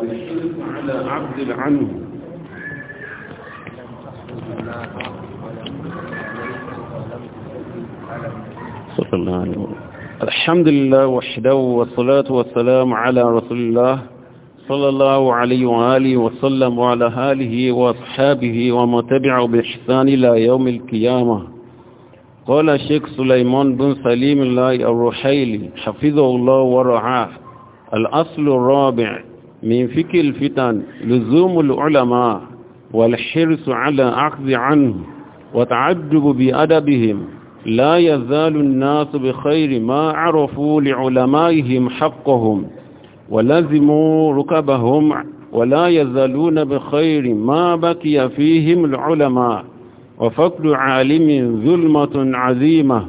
والشرك على عبد عنه صلى الله عليه وسلم الحمد لله وحده والصلاة والسلام على رسول الله صلى الله عليه وآله وسلم وعلى آله وأصحابه وما تبعه بإحسان إلى يوم القيامة قال الشيخ سليمان بن سليم الله الرحيلي حفظه الله ورعاه الأصل الرابع من فكر الفتن لزوم العلماء والحرص على أخذ عنه وتعجب بأدبهم لا يزال الناس بخير ما عرفوا لعلمائهم حقهم ولزموا ركبهم ولا يزالون بخير ما بكي فيهم العلماء وفقد عالم ظلمة عظيمة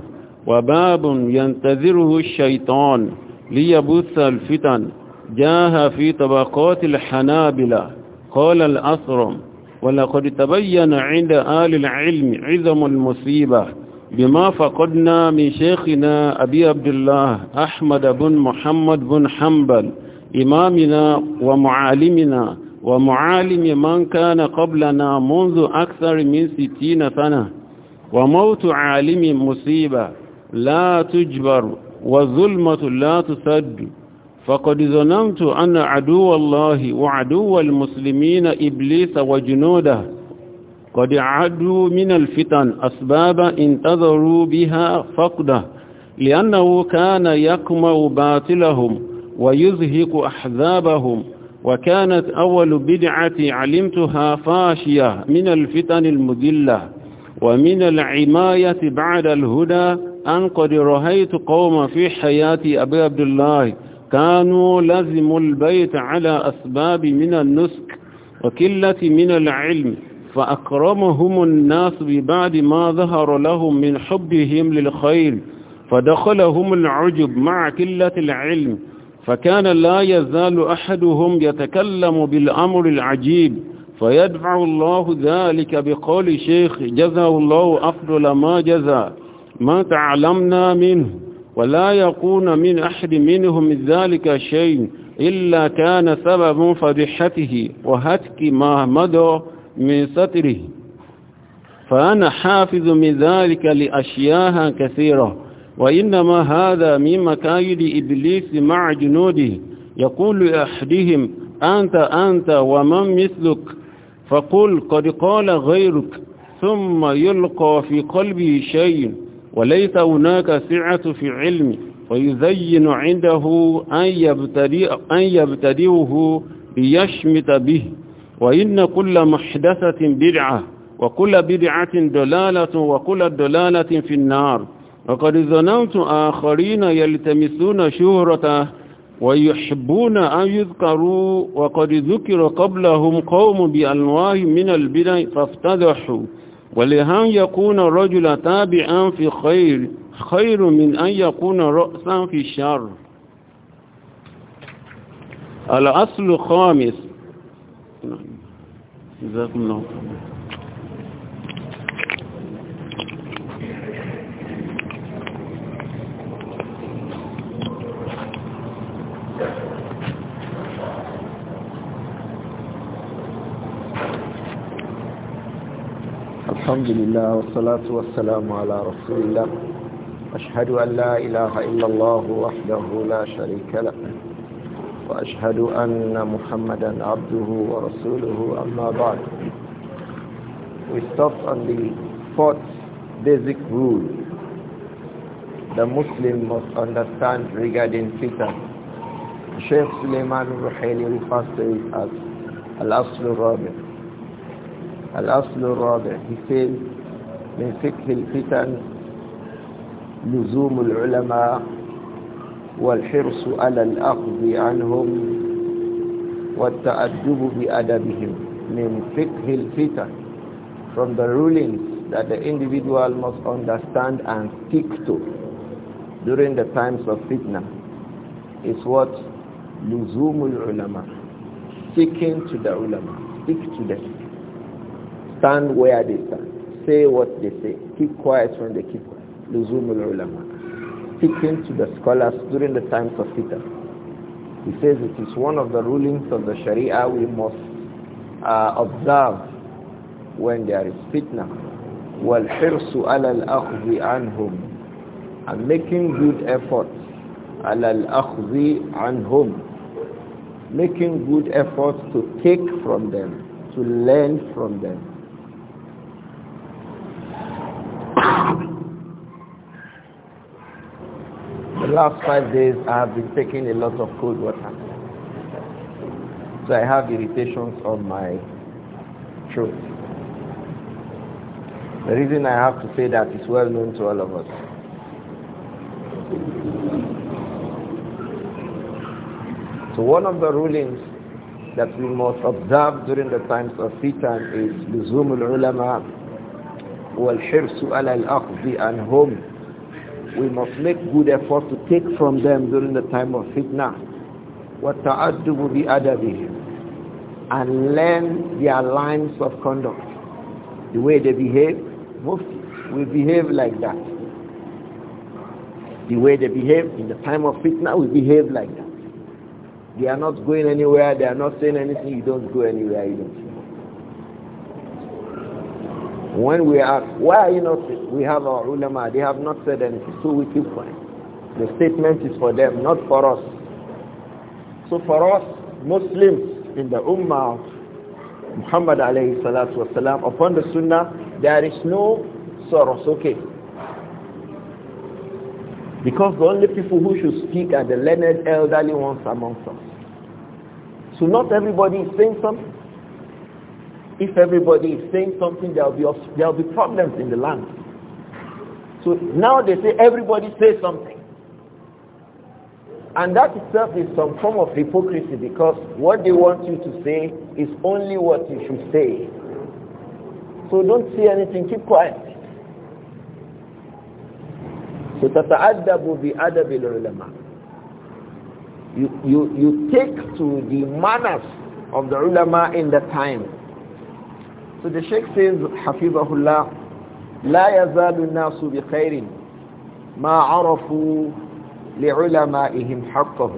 وباب ينتظره الشيطان ليبث الفتن جاها في طبقات الحنابلة قال الأصرم ولقد تبين عند آل العلم عظم المصيبة بما فقدنا من شيخنا أبي عبد الله أحمد بن محمد بن حنبل إمامنا ومعالمنا ومعالم من كان قبلنا منذ أكثر من ستين سنة وموت عالم مصيبة لا تجبر وظلمة لا تسد فقد ظننت أن عدو الله وعدو المسلمين إبليس وجنوده قد عدوا من الفتن أسباب انتظروا بها فقده لأنه كان يقمع باطلهم ويزهق أحزابهم وكانت أول بدعة علمتها فاشية من الفتن المذلة ومن العماية بعد الهدى أن قد رهيت قوم في حياة أبي عبد الله كانوا لزموا البيت على أسباب من النسك وكلة من العلم فأكرمهم الناس ببعد ما ظهر لهم من حبهم للخير فدخلهم العجب مع قلة العلم فكان لا يزال أحدهم يتكلم بالأمر العجيب فيدفع الله ذلك بقول شيخ جزاه الله أفضل ما جزى ما تعلمنا منه ولا يكون من أحد منهم ذلك شيء إلا كان سبب فضحته وهتك ما مدى من ستره فأنا حافظ من ذلك لأشياء كثيرة وإنما هذا من مكايد إبليس مع جنوده يقول لأحدهم أنت أنت ومن مثلك فقل قد قال غيرك ثم يلقى في قلبه شيء وليس هناك سعة في علم ويزين عنده أن, يبتدئ أن يبتدئه ليشمت به وإن كل محدثة بدعة وكل بدعة دلالة وكل دلالة في النار وقد ظننت آخرين يلتمسون شهرته ويحبون أن يذكروا وقد ذكر قبلهم قوم بأنواع من البدع فافتضحوا ولهان يكون الرجل تابعا في خير خير من أن يكون رأسا في شر الأصل الخامس جزاكم الله خير الحمد لله والصلاة والسلام على رسول الله أشهد أن لا إله إلا الله وحده لا شريك له وأشهد أن محمدا عبده ورسوله أما بعد We start on the fourth basic rule the Muslim must understand regarding fitan Sheikh Suleiman Ruhaili refers to it as Al-Aslu Rabi' الأصل الرابع he says من فقه الفتن لزوم العلماء والحرص على الأخذ عنهم والتأدب بأدبهم من فقه الفتن from the rulings that the individual must understand and stick to during the times of fitna is what لزوم العلماء seeking to the ulama stick to them Stand where they stand. Say what they say. Keep quiet when they keep quiet. ulama. Speaking to the scholars during the times of fitan. He says it is one of the rulings of the Sharia we must uh, observe when there is fitna. وَالْحِرْصُ عَلَى الْأَخْذِ عَنْهُمْ And making good efforts عَلَى الْأَخْذِ عَنْهُمْ Making good efforts to take from them, to learn from them. The last five days I have been taking a lot of cold water. So I have irritations on my throat. The reason I have to say that is well known to all of us. So one of the rulings that we must observe during the times of fitan is luzumul ulama والحرص على الأخذ عنهم we must make good effort to take from them during the time of fitna وَالتَّعَدُّبُ بِأَدَبِهِمْ and learn their lines of conduct the way they behave most will behave like that the way they behave in the time of fitna will behave like that they are not going anywhere they are not saying anything you don't go anywhere you don't when we ask, why are you not, we have our ulama, they have not said anything, so we keep quiet. The statement is for them, not for us. So for us, Muslims in the ummah of Muhammad alayhi salatu wasalam, upon the sunnah, there is no sorrows, okay. Because the only people who should speak are the learned elderly ones amongst us. So not everybody is saying something if everybody is saying something, there will be, there will be problems in the land. So now they say everybody says something. And that itself is some form of hypocrisy because what they want you to say is only what you should say. So don't say anything, keep quiet. So تتأدب بأدب العلماء. You, you, you take to the manners of the ulama in the time so the Sheikh says, Hafizahullah, لا يزال الناس بخير ما عرفوا لعلمائهم حقهم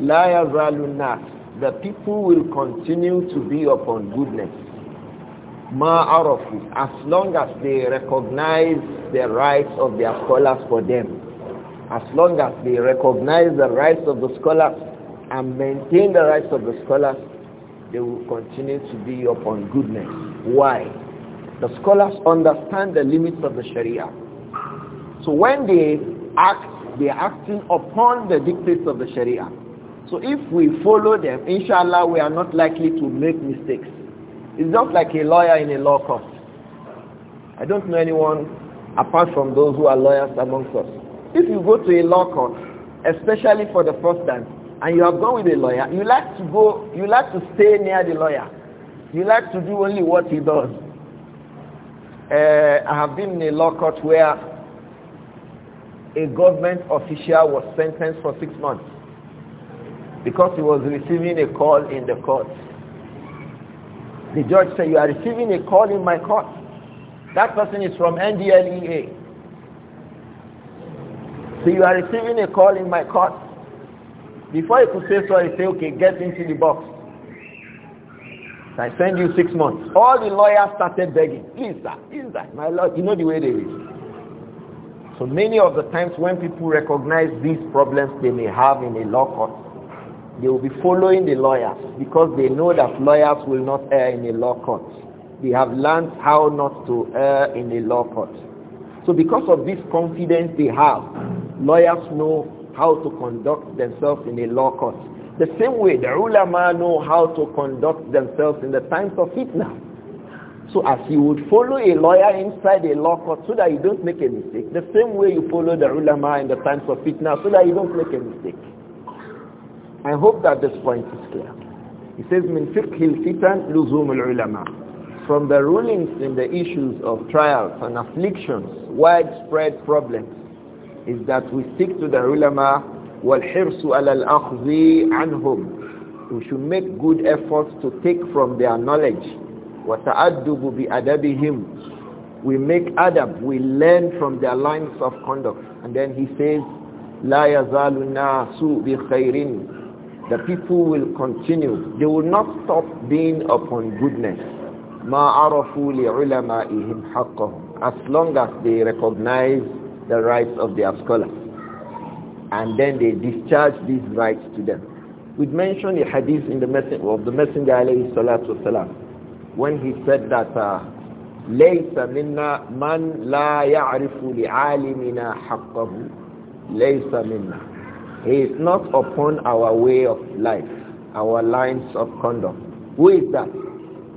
لا يزال الناس the people will continue to be upon goodness ما عرفوا as long as they recognize the rights of their scholars for them as long as they recognize the rights of the scholars and maintain the rights of the scholars they will continue to be upon goodness. Why? The scholars understand the limits of the Sharia. So when they act, they are acting upon the dictates of the Sharia. So if we follow them, inshallah, we are not likely to make mistakes. It's not like a lawyer in a law court. I don't know anyone apart from those who are lawyers amongst us. If you go to a law court, especially for the first time, and you have gone with a lawyer, you like to go, you like to stay near the lawyer. You like to do only what he does. Uh, I have been in a law court where a government official was sentenced for six months because he was receiving a call in the court. The judge said, you are receiving a call in my court. That person is from NDLEA. So you are receiving a call in my court before he could say so, he said, okay, get into the box. I send you six months. All the lawyers started begging, please sir, please sir, my lord, you know the way they is. So many of the times when people recognize these problems they may have in a law court, they will be following the lawyers because they know that lawyers will not err in a law court. They have learned how not to err in a law court. So because of this confidence they have, lawyers know how to conduct themselves in a law court. The same way the ulama know how to conduct themselves in the times of fitna. So as you would follow a lawyer inside a law court so that you don't make a mistake, the same way you follow the ulama in the times of fitna so that you don't make a mistake. I hope that this point is clear. He says, من فقه الفتن لزوم العلماء. From the rulings in the issues of trials and afflictions, widespread problems, is that we stick to the ulama والحرص على الأخذ عنهم we should make good efforts to take from their knowledge وتأدب بأدبهم we make adab we learn from their lines of conduct and then he says لا يزال الناس بخير the people will continue they will not stop being upon goodness ما عرفوا لعلمائهم حقهم as long as they recognize the rights of their scholars. And then they discharge these rights to them. We mentioned the hadith in the message of the Messenger alayhi salatu wasalam when he said that uh, ليس منا من لا يعرف لعالمنا حقه ليس minna he is not upon our way of life our lines of conduct who is that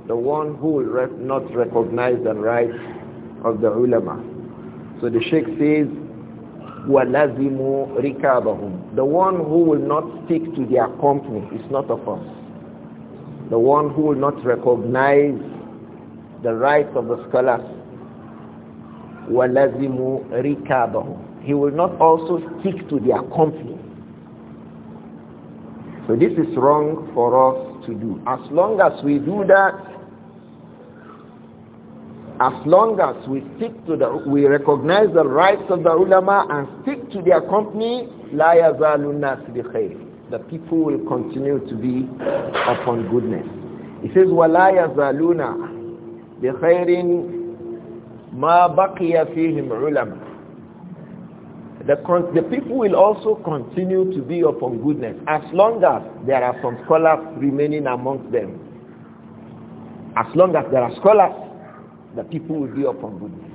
the one who will not recognize the rights of the ulama so the Sheikh says, وَلَزِمُوا rikabahum, The one who will not stick to their company is not of us. The one who will not recognize the rights of the scholars. وَلَزِمُوا rikabahum, He will not also stick to their company. So this is wrong for us to do. As long as we do that, as long as we stick to the we recognize the rights of the ulama and stick to their company la yazalun khair the people will continue to be upon goodness it says wala yazaluna bi khairin ma baqiya fihim ulama the, the people will also continue to be upon goodness as long as there are some scholars remaining amongst them as long as there are scholars the people will be on goodness.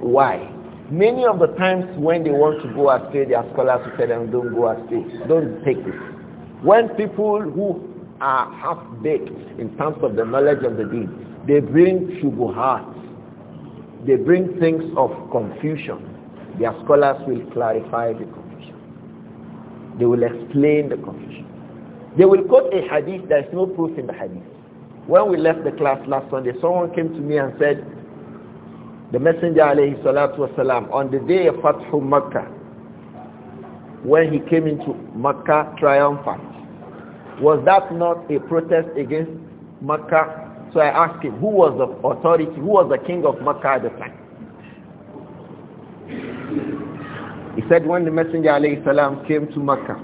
Why? Many of the times when they want to go astray, their scholars will tell them, don't go astray. Don't take this. When people who are half-baked in terms of the knowledge of the deen, they bring shubuhat. They bring things of confusion. Their scholars will clarify the confusion. They will explain the confusion. They will quote a hadith, there is no proof in the hadith. When we left the class last Sunday, someone came to me and said, the Messenger alayhi salatu wasalam, on the day of Fathu Makkah, when he came into Makkah triumphant, was that not a protest against Makkah? So I asked him, who was the authority, who was the king of Makkah at the time? He said when the Messenger alayhi salam came to Makkah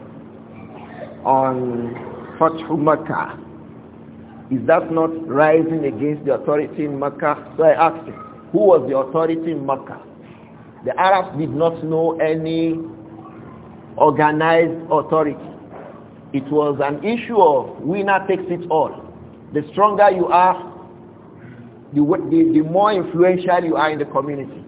on Fathu Makkah, is that not rising against the authority in Mecca? So I asked him, who was the authority in Mecca? The Arabs did not know any organized authority. It was an issue of winner takes it all. The stronger you are, the, the, the more influential you are in the community.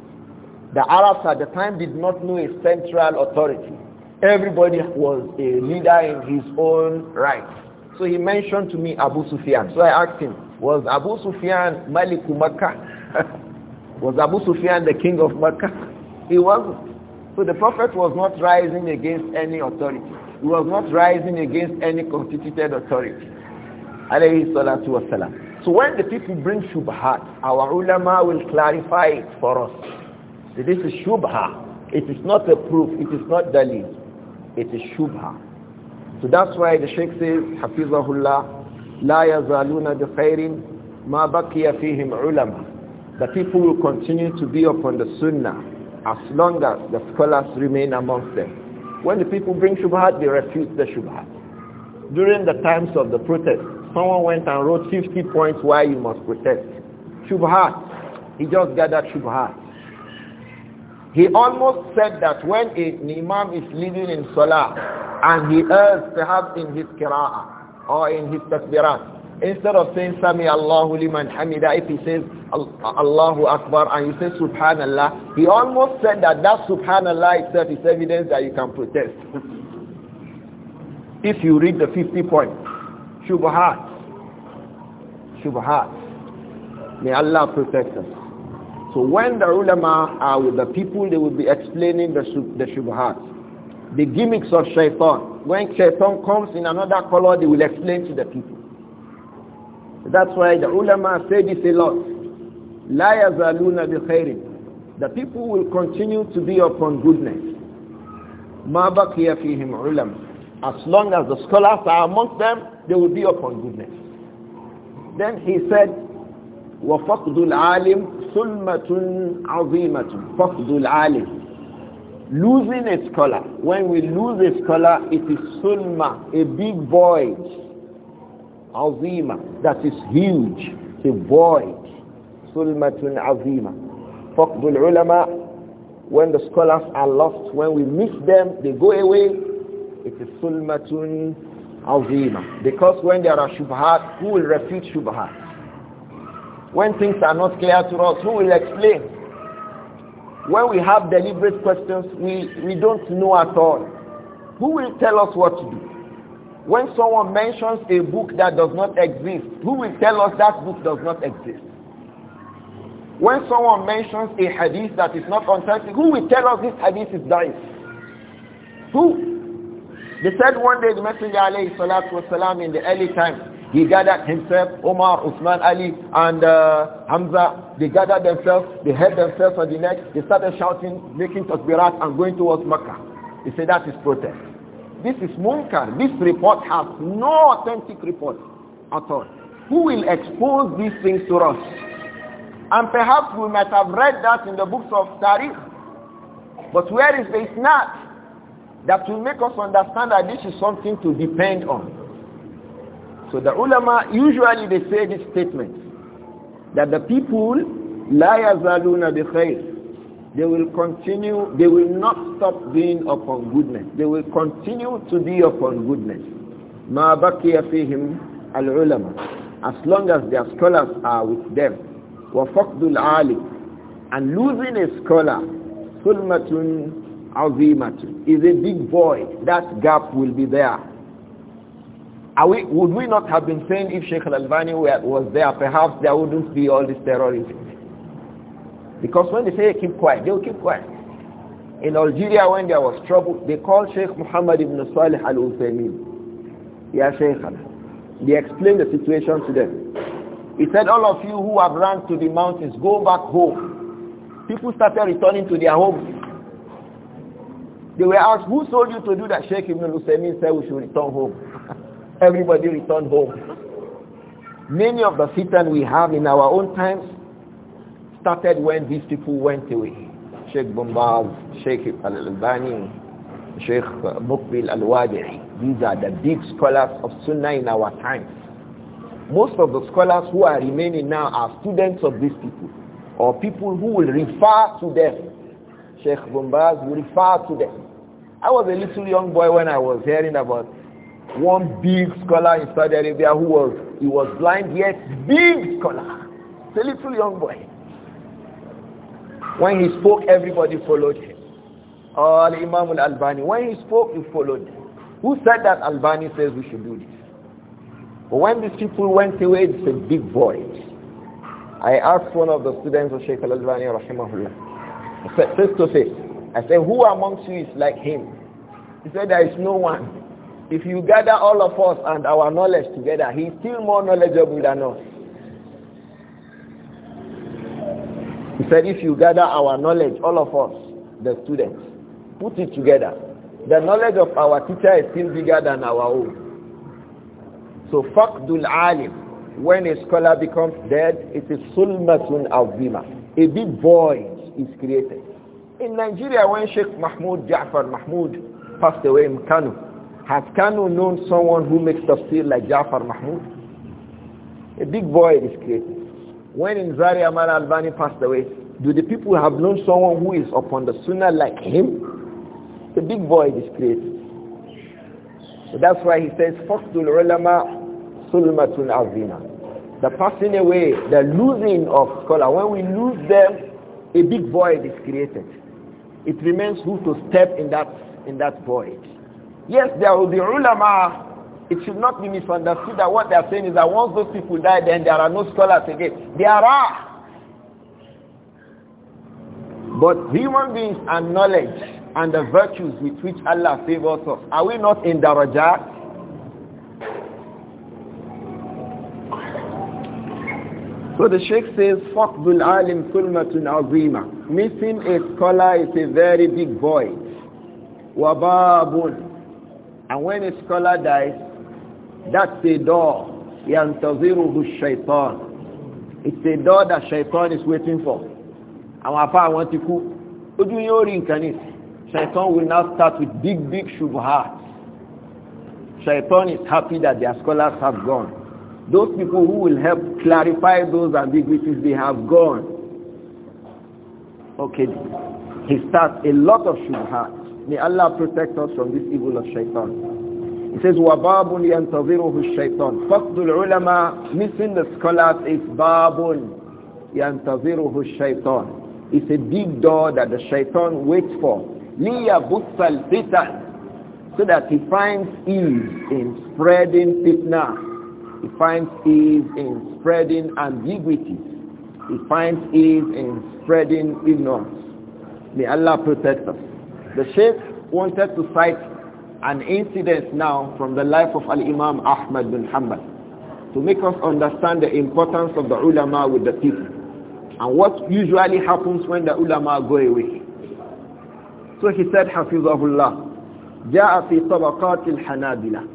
The Arabs at the time did not know a central authority. Everybody was a leader in his own right. So he mentioned to me Abu Sufyan. So I asked him, was Abu Sufyan Malik Makkah? was Abu Sufyan the king of Makkah? He wasn't. So the Prophet was not rising against any authority. He was not rising against any constituted authority. Alayhi salatu wasalam. So when the people bring shubhat, our ulama will clarify it for us. this is shubha. It is not a proof. It is not dalil. It is shubha. So that's why the Sheikh says, Hafizahullah, La yazaluna bi khairin ma baqiya fihim ulama. The people will continue to be upon the sunnah as long as the scholars remain amongst them. When the people bring shubhat, they refute the shubhat. During the times of the protest, someone went and wrote 50 points why you must protest. Shubhat. He just gathered shubhat. He almost said that when an imam is leading in salah and he errs perhaps in his qira'ah or in his takbirat, instead of saying Sami Allahu liman hamida, if he says Allahu Akbar and you say Subhanallah, he almost said that that Subhanallah itself is evidence that you can protest. if you read the 50 points, Shubhat, Shubhat, may Allah protect us. So when the ulama are with the people, they will be explaining the, the shubhat, the gimmicks of shaitan. When shaitan comes in another color, they will explain to the people. That's why the ulama say this a lot. La yazaluna bi khairin. The people will continue to be upon goodness. Ma baqiya fihim ulama. As long as the scholars are amongst them, they will be upon goodness. Then he said, وفقد العالم ثلمة عظيمة فقد العالم losing a scholar when we lose a scholar it is sulma a big void azima that is huge a void sulmatun azima فَقْدُ الْعُلَمَاءِ when the scholars are lost when we miss them they go away it is sulmatun azima because when there are shubhat who will refute shubhat when things are not clear to us, who will explain? When we have deliberate questions, we, we don't know at all. Who will tell us what to do? When someone mentions a book that does not exist, who will tell us that book does not exist? When someone mentions a hadith that is not authentic, who will tell us this hadith is dying? Who? They said one day the Messenger alayhi salatu wasalam in the early times, he gathered himself, Omar, Usman, Ali, and uh, Hamza. They gathered themselves, they held themselves on the neck. They started shouting, making tasbirat and going towards Makkah. He said that is protest. This is munkar. This report has no authentic report at all. Who will expose these things to us? And perhaps we might have read that in the books of Tariq. But where is the isnat that will make us understand that this is something to depend on? So the ulama, usually they say this statement, that the people, لا يزالون بخير. They will continue, they will not stop being upon goodness. They will continue to be upon goodness. ما بقي فيهم العلماء. As long as their scholars are with them. وفقد العالم. And losing a scholar, sulmatun azimatun, is a big void. That gap will be there we, would we not have been saying if Sheikh Al-Albani was there, perhaps there wouldn't be all this terrorism? Because when they say keep quiet, they will keep quiet. In Algeria, when there was trouble, they called Sheikh Muhammad ibn Salih al-Uthaymeen. Ya Sheikh They explained the situation to them. He said, all of you who have run to the mountains, go back home. People started returning to their homes. They were asked, who told you to do that? Sheikh Ibn Uthaymeen said, we should return home. everybody returned home. Many of the fitan we have in our own times started when these people went away. Sheikh Bombaz, Sheikh Al-Albani, Sheikh Mukbil Al-Wadi'i. These are the big scholars of Sunnah in our times. Most of the scholars who are remaining now are students of these people or people who will refer to them. Sheikh Bombaz will refer to them. I was a little young boy when I was hearing about one big scholar in Saudi Arabia who was he was blind yet big scholar. It's a little young boy. When he spoke, everybody followed him. All uh, Imam Al Albani. When he spoke, he followed. Him. Who said that Albani says we should do this? But when these people went away, it's a big void. I asked one of the students of Sheikh Al Albani, rahimahullah, face to face. I said, who amongst you is like him? He said, there is no one. If you gather all of us and our knowledge together, he's still more knowledgeable than us. He said, if you gather our knowledge, all of us, the students, put it together. The knowledge of our teacher is still bigger than our own. So, faqdul alim, when a scholar becomes dead, it is sulmatun azima. A big void is created. In Nigeria, when Sheikh Mahmoud Ja'far Mahmoud passed away in Kano, has Kano known someone who makes tafsir like Ja'far Mahmoud? A big boy is created. When in Zaria al Albani passed away, do the people have known someone who is upon the sunnah like him? A big boy is created. So that's why he says, Faktul ulama sulmatun azina. The passing away, the losing of scholar, when we lose them, a big void is created. It remains who to step in that, in that void. Yes, there will be ulama. It should not be misunderstood that what they are saying is that once those people die, then there are no scholars again. There are. But human beings and knowledge and the virtues with which Allah favors us, are we not in darajat? So the Sheikh says, فَقْدُ الْعَالِمْ al عَظِيمَةٌ Missing a scholar is a very big void. وَبَابٌ and when a scholar dies, that's the door. Yantaziruhu shaitan. It's the door that shaitan is waiting for. And afá àwọn ti to cook. yóò rí nǹkan Shaitan will now start with big big shubhat. Shaitan is happy that their scholars have gone. Those people who will help clarify those ambiguities, they have gone. Okay. He starts a lot of shubhat. May Allah protect us from this evil of shaitan. He says, وَبَابٌ يَنْتَظِرُهُ الشَّيْطَانِ فَقْدُ الْعُلَمَا Missing the scholars is بَابٌ يَنْتَظِرُهُ الشَّيْطَانِ It's a big door that the shaitan waits for. لِيَبُثَّ الْفِتَنِ So that he finds ease in spreading fitna. He finds ease in spreading ambiguity. He finds ease in spreading ignorance. May Allah protect us. The Sheikh wanted to cite an incident now from the life of Al-Imam Ahmad bin Hanbal to make us understand the importance of the ulama with the people and what usually happens when the ulama go away. So he said, Hafizahullah, جاء في طبقات الحنابلة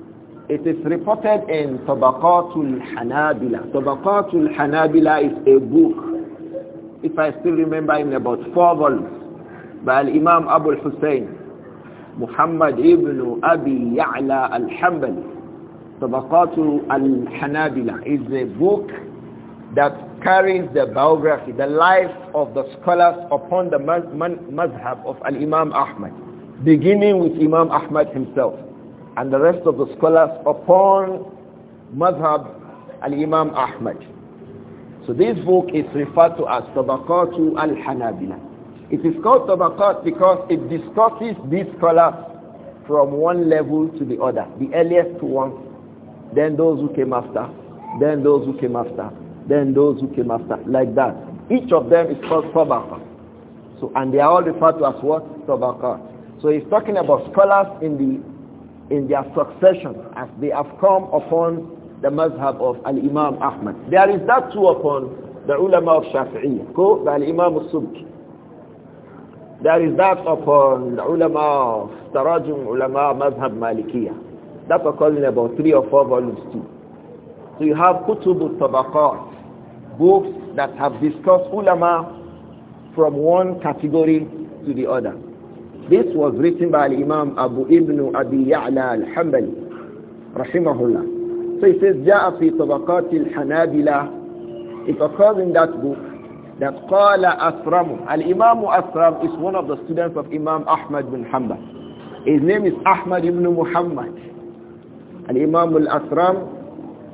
it is reported in Tabaqatul Hanabila. Tabaqatul Hanabila is a book, if I still remember, in about four volumes by Imam Abu al-Hussein Muhammad ibn Abi Ya'la al طبقات الحنابلة is a book that carries the biography, the life of the scholars upon the mazhab of Al-Imam Ahmad, beginning with Imam Ahmad himself and the rest of the scholars upon mazhab Al-Imam Ahmad. So this book is referred to as Tabaqatu Al-Hanabila. It is called tabaqat because it discusses these scholars from one level to the other. The earliest one, then those who came after, then those who came after, then those who came after, like that. Each of them is called tabaqat. So, and they are all referred to as what? Tabaqat. So he's talking about scholars in the in their succession as they have come upon the mazhab of Al-Imam Ahmad. There is that too upon the ulama of Shafi'i, the Al-Imam al-Subki. There is that upon the ulama of Tarajum ulama Mazhab Malikiyah. That occurs in about three or four volumes too. So you have Kutub al-Tabaqat, books that have discussed ulama from one category to the other. This was written by Imam Abu Ibn Abi Ya'la al-Hanbali, rahimahullah. So he says, جاء Tabaqat al الحنابلة. It occurs in that book that qala asram al-imam asram is one of the students of imam ahmad bin hanbal his name is ahmad ibn muhammad al-imam al-asram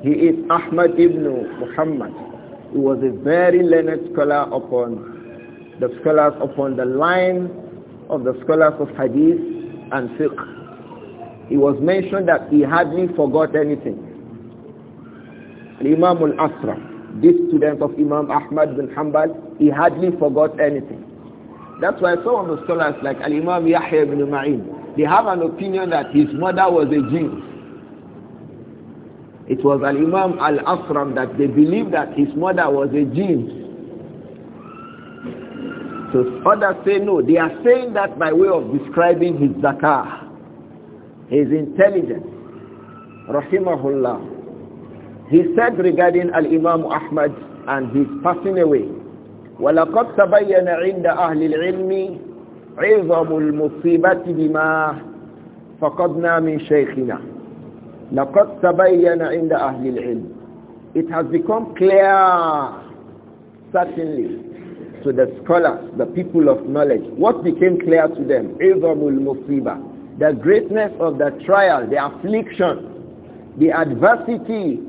he is ahmad ibn muhammad he was a very learned scholar upon the scholars upon the line of the scholars of hadith and fiqh he was mentioned that he hardly forgot anything al-imam al-asram this student of Imam Ahmad bin Hanbal, he hardly forgot anything. That's why some of the scholars like Al-Imam Yahya ibn Ma'in, they have an opinion that his mother was a Jew. It was Al-Imam Al-Asram that they believed that his mother was a Jew. So others say no. They are saying that by way of describing his zakah, his intelligence. Rahimahullah. He said regarding Al-Imam Ahmad and his passing away, وَلَقَدْ تَبَيَّنَ عِنْدَ أَهْلِ الْعِلْمِ عِظَمُ الْمُصِيبَةِ بِمَا فَقَدْنَا مِنْ شَيْخِنَا لَقَدْ تَبَيَّنَ عِنْدَ أَهْلِ الْعِلْمِ It has become clear, certainly, to the scholars, the people of knowledge, what became clear to them, عِظَمُ الْمُصِيبَةِ The greatness of the trial, the affliction, the adversity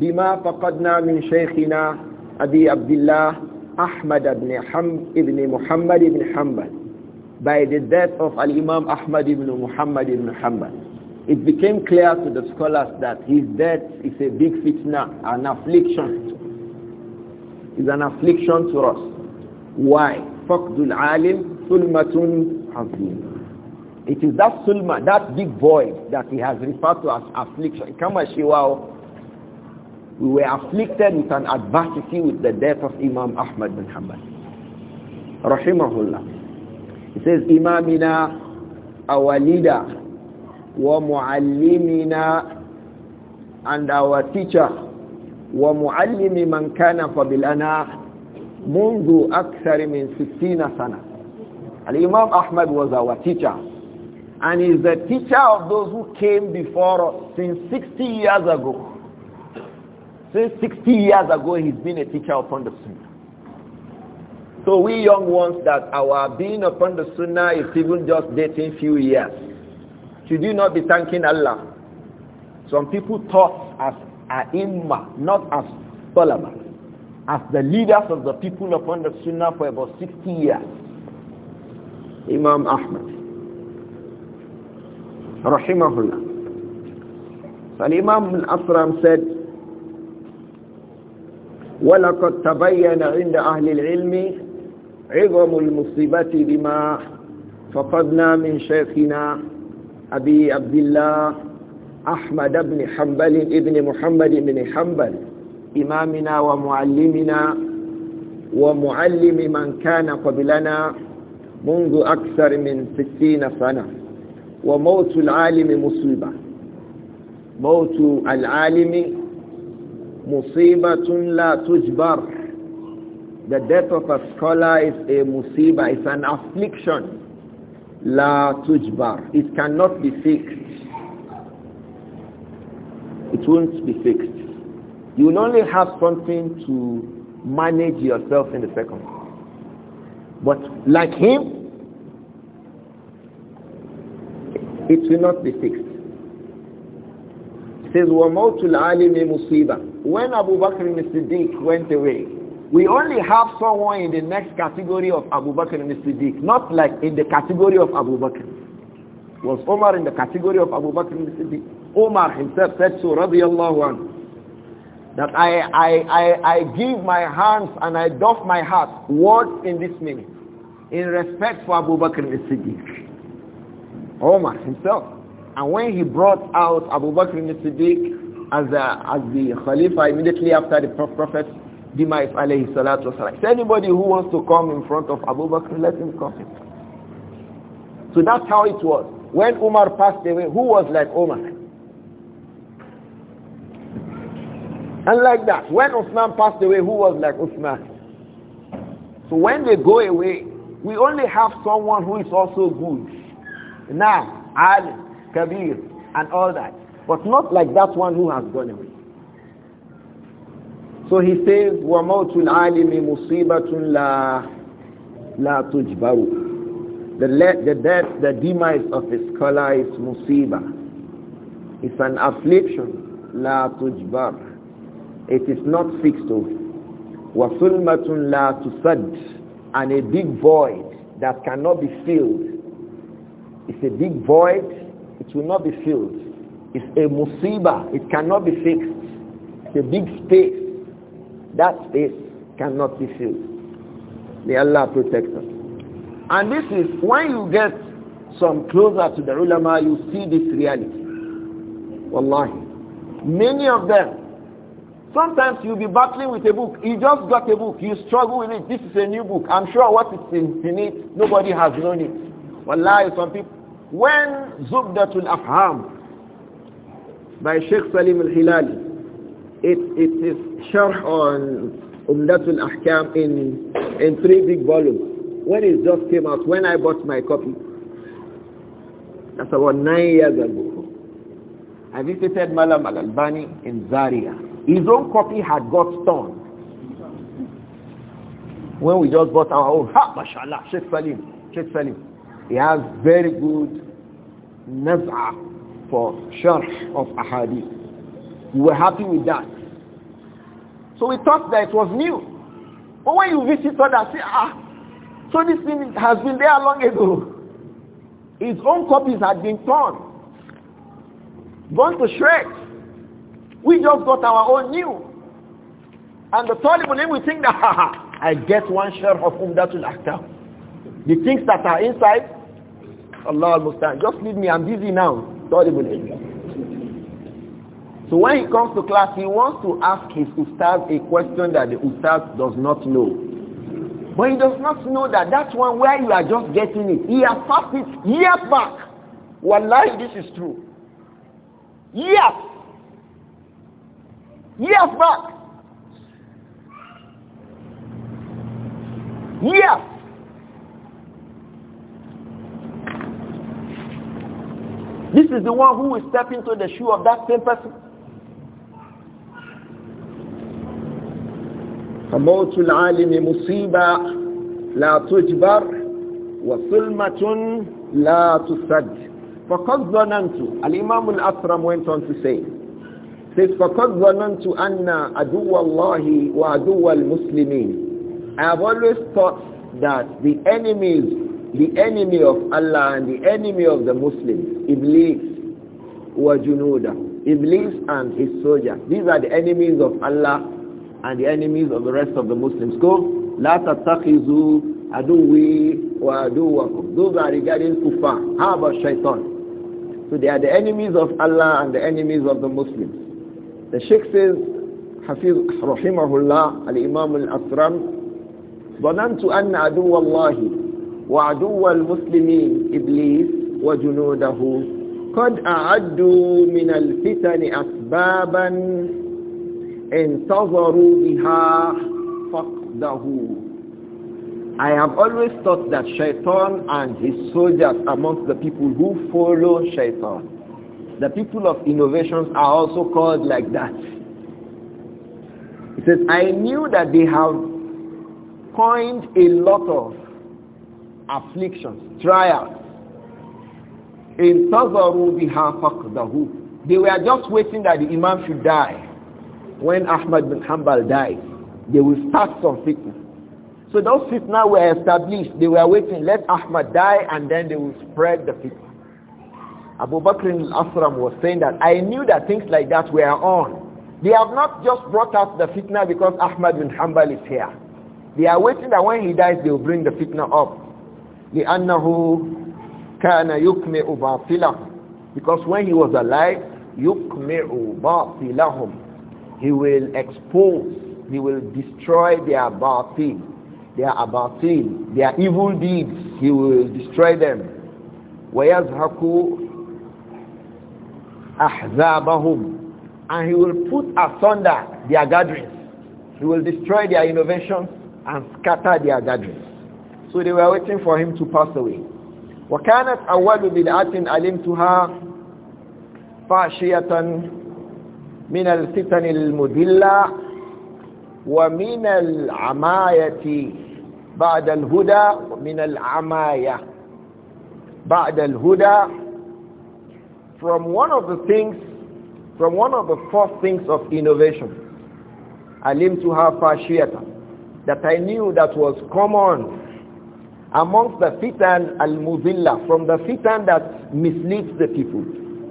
بما فقدنا من شيخنا أبي عبد الله أحمد بن, حم بن محمد بن حنبل by the death of Al-Imam Ahmad ibn Muhammad ibn Hanbal it became clear to the scholars that his death is a big fitna an affliction is an affliction to us why faqdul alim sulmatun hazim it is that sulma that big void that he has referred to as affliction kama shiwao we were afflicted with an adversity with the death of Imam Ahmad bin Hanbal rahimahullah he says imamina our leader wa muallimina and our teacher wa muallimi man kana fabilana منذ أكثر من 60 سنة Al-Imam Ahmad was our teacher and is the teacher of those who came before us since 60 years ago since 60 years ago, he's been a teacher of the Sunnah. So we young ones that our being upon the Sunnah is even just dating few years. Should you not be thanking Allah? Some people thought as ai not as Solomon, as the leaders of the people upon the Sunnah for about 60 years. Imam Ahmad. Rahimahullah. And Imam al-Asram said, ولقد تبين عند أهل العلم عظم المصيبة بما فقدنا من شيخنا أبي عبد الله أحمد بن حنبل ابن محمد بن حنبل إمامنا ومعلمنا ومعلم من كان قبلنا منذ أكثر من ستين سنة وموت العالم مصيبة موت العالم musibatun la tujbar the death of a scholar is a musiba it's an affliction la tujbar it cannot be fixed it won't be fixed you will only have something to manage yourself in the second but like him it will not be fixed says, وَمَوْتُ الْعَالِمِ مُصِيبًا When Abu Bakr al-Siddiq went away, we only have someone in the next category of Abu Bakr al-Siddiq, not like in the category of Abu Bakr. Was Omar in the category of Abu Bakr al-Siddiq? Omar himself said so, radiallahu anhu, that I, I, I, I give my hands and I doff my heart, What in this minute, in respect for Abu Bakr al-Siddiq. Omar himself and when he brought out Abu Bakr as-Siddiq as, as the Khalifa immediately after the Prophet Demise alayhi salatu wasalam. So anybody who wants to come in front of Abu Bakr, let him come. So that's how it was. When Umar passed away, who was like Umar? And like that, when Uthman passed away, who was like Uthman? So when they go away, we only have someone who is also good. Now, Ali, kabir, and all that. But not like that one who has gone away. So he says, وَمَوْتُ الْعَالِمِ مُصِيبَةٌ لَا لَا تُجْبَرُ the, le- the death, the demise of a scholar is musiba. It's an affliction. La tujbar. It is not fixed to. وَثُلْمَةٌ la tusad And a big void that cannot be filled. It's a big void it will not be filled. It's a musibah. It cannot be fixed. It's a big space. That space cannot be filled. May Allah protect us. And this is when you get some closer to the ulama, you see this reality. Wallahi. Many of them. Sometimes you'll be battling with a book. You just got a book. You struggle with it. This is a new book. I'm sure what is in, in it, nobody has known it. Wallahi, some people when Zubdatul Afham by Sheikh Salim al-Hilali, it, it is sharh on Umdatul Ahkam in, in three big volumes. When it just came out, when I bought my copy, that's about nine years ago. I visited Malam al-Albani in Zaria. His own copy had got torn. When we just bought our own, ha, mashallah, Sheikh Salim, Sheikh Salim. He has very good naz'ah for sharh of ahadith. We were happy with that. So we thought that it was new. But when you visit others, say, ah, so this thing has been there long ago. His own copies had been torn, gone to shreds. We just got our own new. And the Taliban, we think that, ha, ha, I get one share of Umdatul Ahkam. The things that are inside, Allah Mustaan, just leave me, I'm busy now. So when he comes to class, he wants to ask his Ustaz a question that the Ustaz does not know. But he does not know that that one where you are just getting it, he has passed it years back. Wallahi, this is true. Years. Years back. Years. This is the one who will step into the shoe of that same person. فموت العالم مصيبة لا تجبر وظلمة لا تسد فقد ظننت الإمام الأثرم went on to say says فقد ظننت أن عدو الله وعدو المسلمين I have always thought that the enemies the enemy of Allah and the enemy of the Muslims, Iblis, Wajunuda, Iblis and his soldiers. These are the enemies of Allah and the enemies of the rest of the Muslims. Go, La tatakhizu aduwi wa aduwakum. Those are regarding kuffar. How about shaitan? So they are the enemies of Allah and the enemies of the Muslims. The Sheikh says, Hafiz Rahimahullah, Al-Imam Al-Asram, ظننت أن عدو الله وعدو المسلمين إبليس وجنوده قد أعدوا من الفتن أسبابا انتظروا بها فقده I have always thought that Shaitan and his soldiers amongst the people who follow Shaitan, the people of innovations are also called like that. He says, I knew that they have coined a lot of afflictions, trials. In Tazaru biha faqdahu. They were just waiting that the Imam should die. When Ahmad bin Hanbal died, they will start some fitna. So those fitna were established. They were waiting, let Ahmad die and then they will spread the fitna. Abu Bakr al-Asram was saying that, I knew that things like that were on. They have not just brought out the fitna because Ahmad bin Hanbal is here. They are waiting that when he dies, they will bring the fitna up. لأنه كان يكمع باطلهم because when he was alive يكمع باطلهم he will expose he will destroy their batil their abatil their evil deeds he will destroy them ويزهق أحزابهم and he will put asunder their gatherings he will destroy their innovations and scatter their gatherings so they were waiting for him to pass away. وكانت أول بدعة al فاشية من الفتن al ومن العماية بعد الهدى من العماية بعد huda from one of the things from one of the four things of innovation alimtuha fashiyata that I knew that was common amongst the fitan al muzilla from the fitan that misleads the people.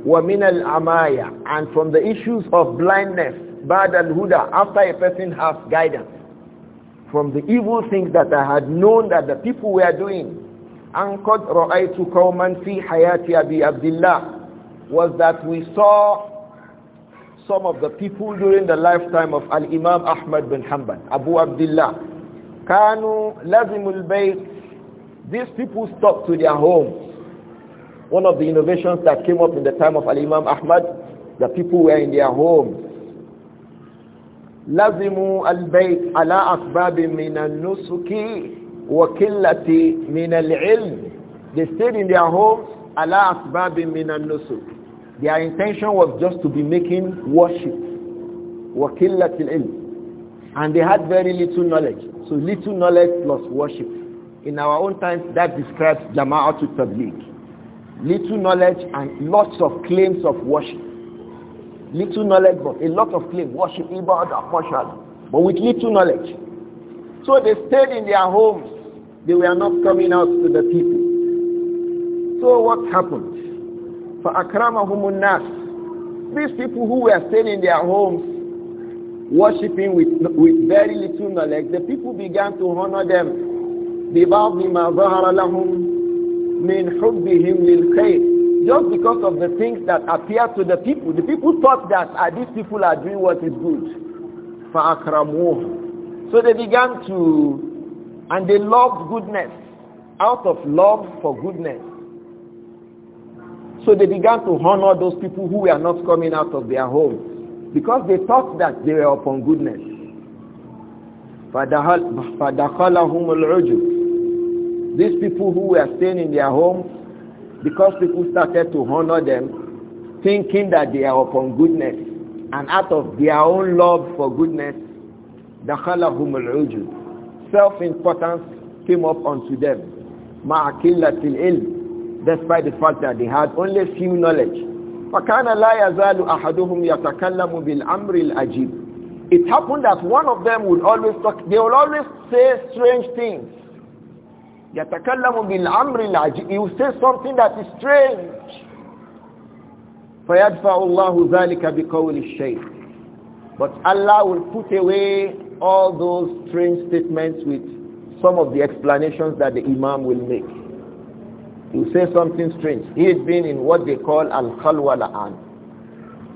wa min al-amaya, And from the issues of blindness, bad al-huda, after a person has guidance. From the evil things that I had known that the people were doing. أَنْ قَدْ رَأَيْتُ قَوْمًا فِي حَيَاتِ أَبِي عَبْدِ Was that we saw some of the people during the lifetime of Al-Imam Ahmad bin Hanbal, Abu Abdullah. كانوا lazimul البيت these people stuck to their homes. One of the innovations that came up in the time of Al-Imam Ahmad, the people were in their homes. لزموا البيت على أسباب من النسك وقلة من العلم They stayed in their homes على أسباب من النسك Their intention was just to be making worship وقلة العلم And they had very little knowledge. So little knowledge plus worship in our own times, that describes Jama'atul Tabligh. Little knowledge and lots of claims of worship. Little knowledge, but a lot of claims. Worship, Ibadah, Mashad. But with little knowledge. So they stayed in their homes. They were not coming out to the people. So what happened? فَأَكْرَمَهُمُ النَّاسِ These people who were staying in their homes, worshipping with, with very little knowledge, the people began to honor them ببعض ما ظهر لهم من حبهم للخير just because of the things that appear to the people the people thought that ah, these people are doing what is good فأكرموه so they began to and they loved goodness out of love for goodness so they began to honor those people who were not coming out of their homes because they thought that they were upon goodness فدخلهم العجب these people who were staying in their home, because people started to honor them, thinking that they are upon goodness, and out of their own love for goodness, دخلهم العجب. Self-importance came up onto them. مع قلة العلم despite the fact that they had only few knowledge. فكان لا يزال أحدهم يتكلم بالأمر العجيب. It happened that one of them would always talk, they would always say strange things. يتكلم بالامر you say something that is strange فيدفع الله ذلك but Allah will put away all those strange statements with some of the explanations that the imam will make you say something strange he has been in what they call al-khalwa la'an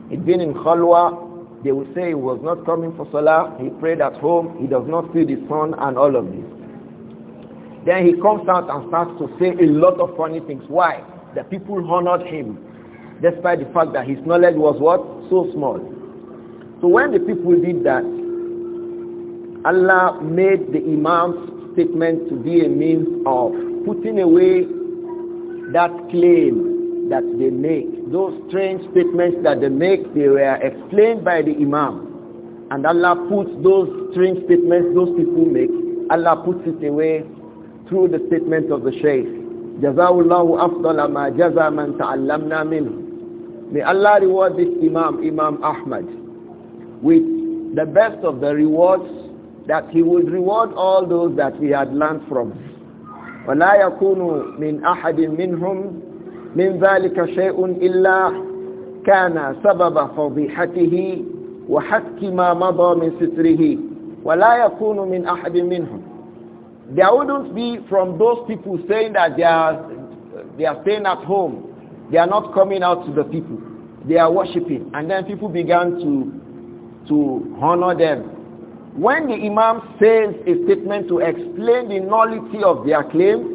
he has been in khalwa they will say he was not coming for salah he prayed at home he does not see the sun and all of this then he comes out and starts to say a lot of funny things. Why? The people honored him, despite the fact that his knowledge was what? So small. So when the people did that, Allah made the Imam's statement to be a means of putting away that claim that they make. Those strange statements that they make, they were explained by the Imam. And Allah puts those strange statements those people make, Allah puts it away through the statement of the Shaykh. Jazawullahu afdala ma jaza man ta'allamna minhu. May Allah reward this Imam, Imam Ahmad, with the best of the rewards that he would reward all those that He had learned from. ولا يكون من أحد منهم من ذلك شيء إلا كان سبب فضيحته وحك ما مضى من ستره ولا يكون من أحد منهم there wouldn't be from those people saying that they are, they are staying at home. They are not coming out to the people. They are worshipping. And then people began to, to honor them. When the Imam says a statement to explain the nullity of their claims,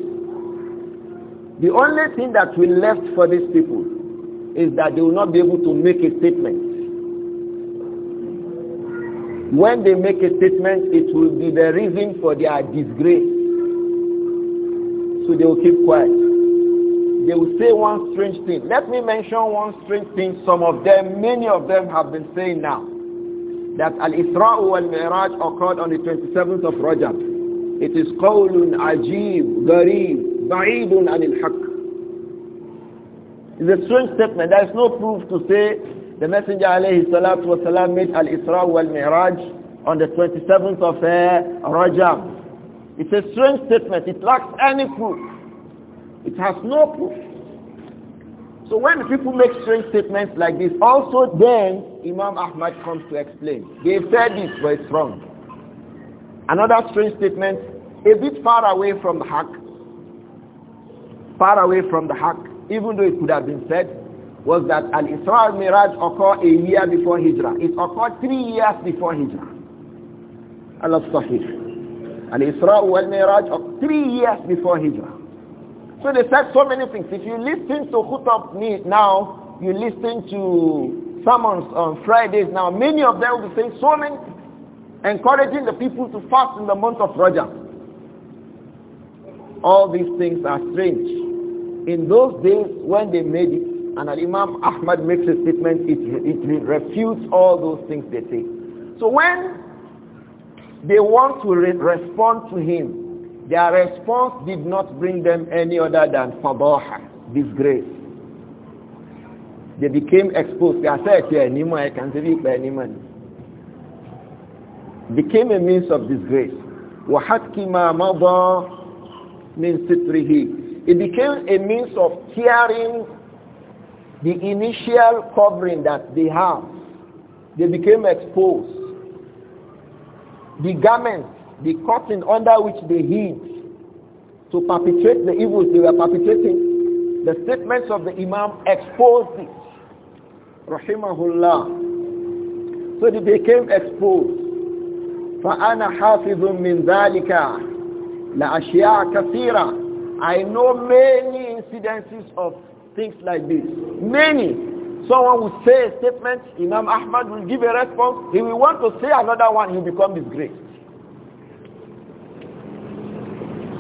the only thing that we left for these people is that they will not be able to make a statement. When they make a statement, it will be the reason for their disgrace. So they will keep quiet. They will say one strange thing. Let me mention one strange thing some of them, many of them have been saying now. That Al-Isra'u al miraj occurred on the 27th of Rajab. It is qawlun ajib, gareeb, ba'idun anil haq It's a strange statement. There is no proof to say the Messenger alayhi salatu salam made Al-Isra wal-Mi'raj on the 27th of uh, Rajab. It's a strange statement. It lacks any proof. It has no proof. So when people make strange statements like this, also then Imam Ahmad comes to explain. They said this, but it's wrong. Another strange statement, a bit far away from the hack. Far away from the hack, even though it could have been said, was that Al-Isra al-Miraj occurred a year before Hijrah. It occurred three years before Hijrah. Al-Sahih. Al-Isra al-Miraj three years before Hijrah. So they said so many things. If you listen to Khutab now, you listen to sermons on Fridays now, many of them will saying so many encouraging the people to fast in the month of Rajab. All these things are strange. In those days when they made it, and Imam Ahmad makes a statement, it, it refutes all those things they say. So when they want to re respond to him, their response did not bring them any other than fadaha, disgrace. They became exposed. They said, I can Became a means of disgrace. وَحَتْكِ مَا مَضَى مِنْ It became a means of tearing the initial covering that they have, they became exposed. The garment, the cotton under which they hid to perpetrate the evils they were perpetrating, the statements of the Imam exposed it. Rahimahullah. So they became exposed. فأنا حافظ من ذلك لأشياء كثيرة I know many incidences of Things like this. Many. Someone will say a statement, Imam Ahmad will give a response, he will want to say another one, he'll become disgraced.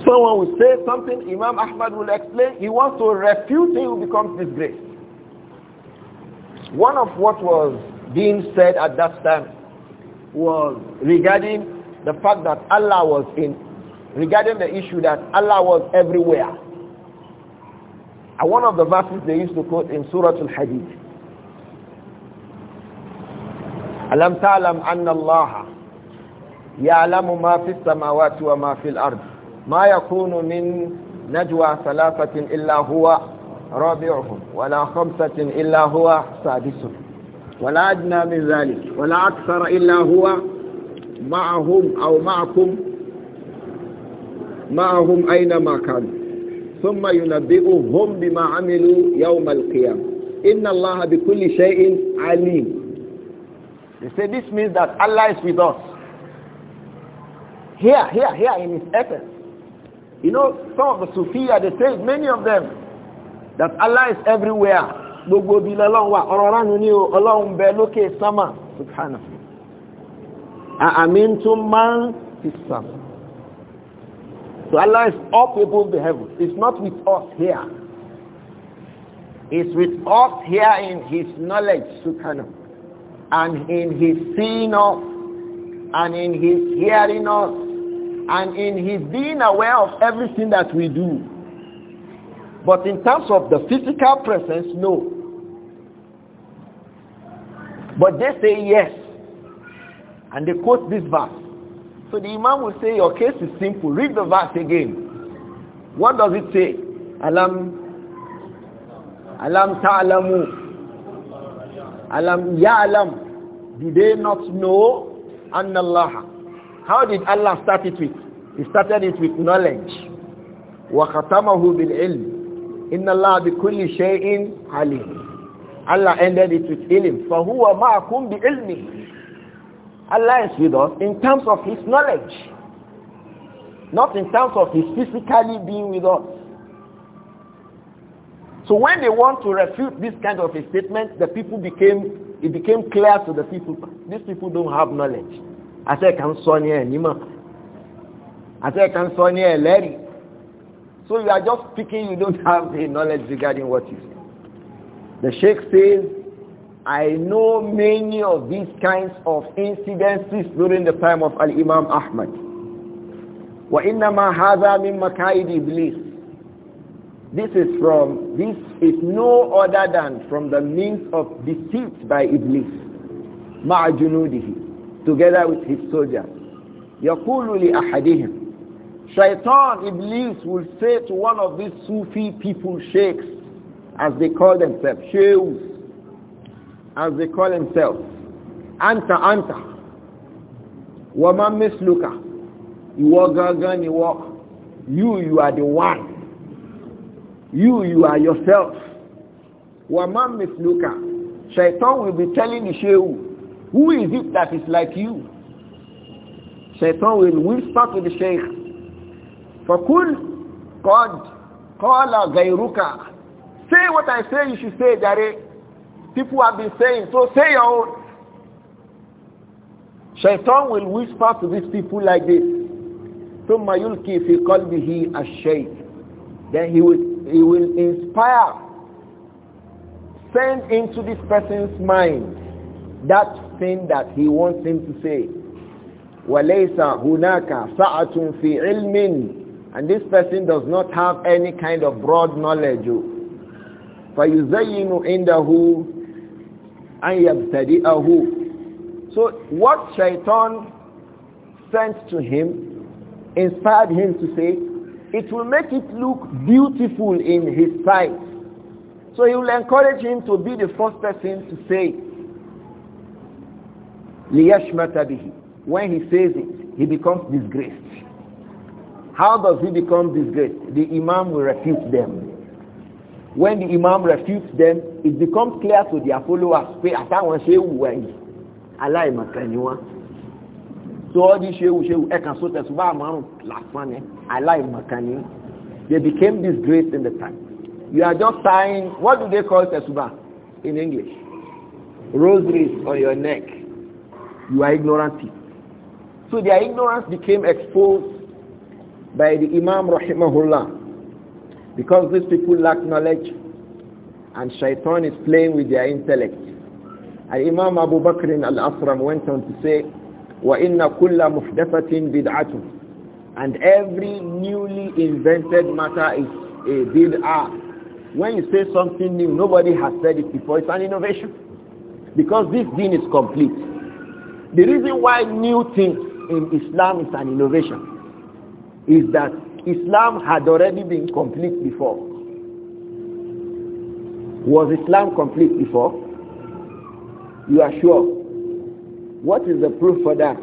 Someone will say something, Imam Ahmad will explain, he wants to refute, he will become disgraced. One of what was being said at that time was regarding the fact that Allah was in, regarding the issue that Allah was everywhere And one of the verses they used to quote in Surah Al-Hadid. ألم تعلم أن الله يعلم ما في السماوات وما في الأرض ما يكون من نجوى ثلاثة إلا هو رابعهم ولا خمسة إلا هو سادسهم ولا أدنى من ذلك ولا أكثر إلا هو معهم أو معكم معهم أينما كانوا ثم ينبئهم بما عملوا يوم القيامة إن الله بكل شيء عليم They say this means that Allah is with us. Here, here, here in His essence. You know, some of the Sufiya, they say, many of them, that Allah is everywhere. Gbogbo ibi lọ́lọ́run wà, ọ̀rọ̀ ránú ní o, ọlọ́run bẹ lókè sánmà, subhanahu. Àmì tún máa ń fi sàmà. So Allah is up above the heavens. It's not with us here. It's with us here in His knowledge, Sukhana. and in His seeing us, and in His hearing us, and in His being aware of everything that we do. But in terms of the physical presence, no. But they say yes. And they quote this verse. So the Imam will say, your case is simple. Read the verse again. What does it say? Alam, alam ta'alamu. Alam ya'alam. Did they not know? Allah. How did Allah start it with? He started it with knowledge. وَخَتَمَهُ بِالْعِلْمِ إِنَّ اللَّهَ بِكُلِّ شَيْءٍ عَلِيمٍ Allah ended it with ilm. فَهُوَ مَعَكُمْ بِعِلْمِهِ Alliance with us in terms of his knowledge. Not in terms of his physically being with us. So when they want to refute this kind of a statement, the people became, it became clear to the people, these people don't have knowledge. I said, can Sonia Nima. I said, can Sonia Larry. So you are just speaking, you don't have the knowledge regarding what you say. The Sheikh says, I know many of these kinds of incidences during the time of Al-Imam Ahmad. وَإِنَّمَا هَذَا مِنْ مَكَائِدِ إِبْلِيسِ This is from, this is no other than from the means of deceit by Iblis. مَعَ جُنُودِهِ Together with his soldiers. يَقُولُ لِأَحَدِهِمْ Shaitan, Iblis will say to one of these Sufi people, sheikhs, as they call themselves, sheikhs, as they call themselves. Anta, anta. Waman misluka. you walk iwo. You, you are the one. You, you are yourself. Waman misluka. Shaitan will be telling the shehu, who is it that is like you? Shaitan will whisper to the sheikh, call قَدْ قَالَ غَيْرُكَ Say what I say you should say, that. People have been saying, so say your own. Shaitan will whisper to these people like this. ثُمَّ يُلْكِي فِي قَلْبِهِ الشَّيْءٍ Then he will, he will inspire, send into this person's mind that thing that he wants him to say. walaysa hunaka سَعَةٌ فِي ilmin, And this person does not have any kind of broad knowledge. فَيُزَيِّنُ عِنْدَهُ أن يبتدئه So what shaitan sent to him inspired him to say it will make it look beautiful in his sight so he will encourage him to be the first person to say liyashmata bihi when he says it he becomes disgraced how does he become disgraced the imam will refute them when the imam refutes them it becomes clear to their followers pé àtàwọn shewu wẹ̀yìn aláìmọ̀kan ni wọ́n so all these shewu ṣéwù ẹ̀kan so tẹ̀sùn bá àmọ́rùn lásán ni aláìmọ̀kan ni they became disgraced in the time you are just tying what do they call tẹ̀sùbà in english rosaries on your neck you are ignorant so their ignorance became exposed by the imam rahimahullah because these people lack knowledge and shaitan is playing with their intellect. And Imam Abu Bakr al-Asram went on to say, وَإِنَّ كُلَّ muhdafatin بِدْعَةٌ And every newly invented matter is a bid'ah. When you say something new, nobody has said it before. It's an innovation. Because this deen is complete. The reason why new things in Islam is an innovation is that Islam had already been complete before. Was Islam complete before? You are sure? What is the proof for that?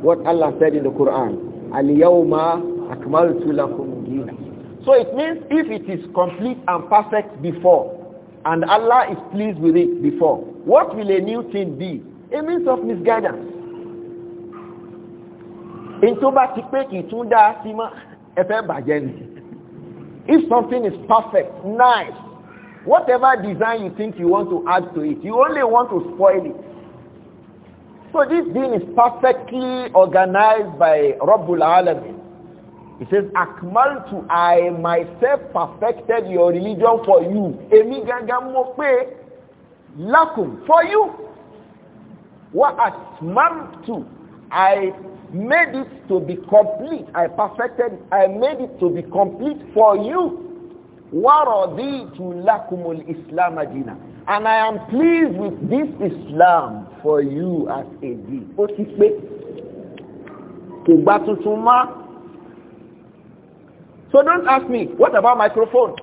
What Allah said in the Quran, "Al-yawma akmaltu lakum dinakum." So it means if it is complete and perfect before, and Allah is pleased with it before, what will a new thing be? A means of misguidance. Into ba ti pe ki tun da si if something is perfect nice whatever design you think you want to add to it you only want to spoil it so this being is perfectly organized by Rabbul Alamin he says akmal to i myself perfected your religion for you èmi gangan lakum for you wa to, i made it to be complete. I perfected I made it to be complete for you. وَرَضِيتُ لَكُمُ الْإِسْلَامَ دِينًا And I am pleased with this Islam for you as a deen. Ó ti pé kò gba tuntun mọ́. So don't ask me, what about microphone?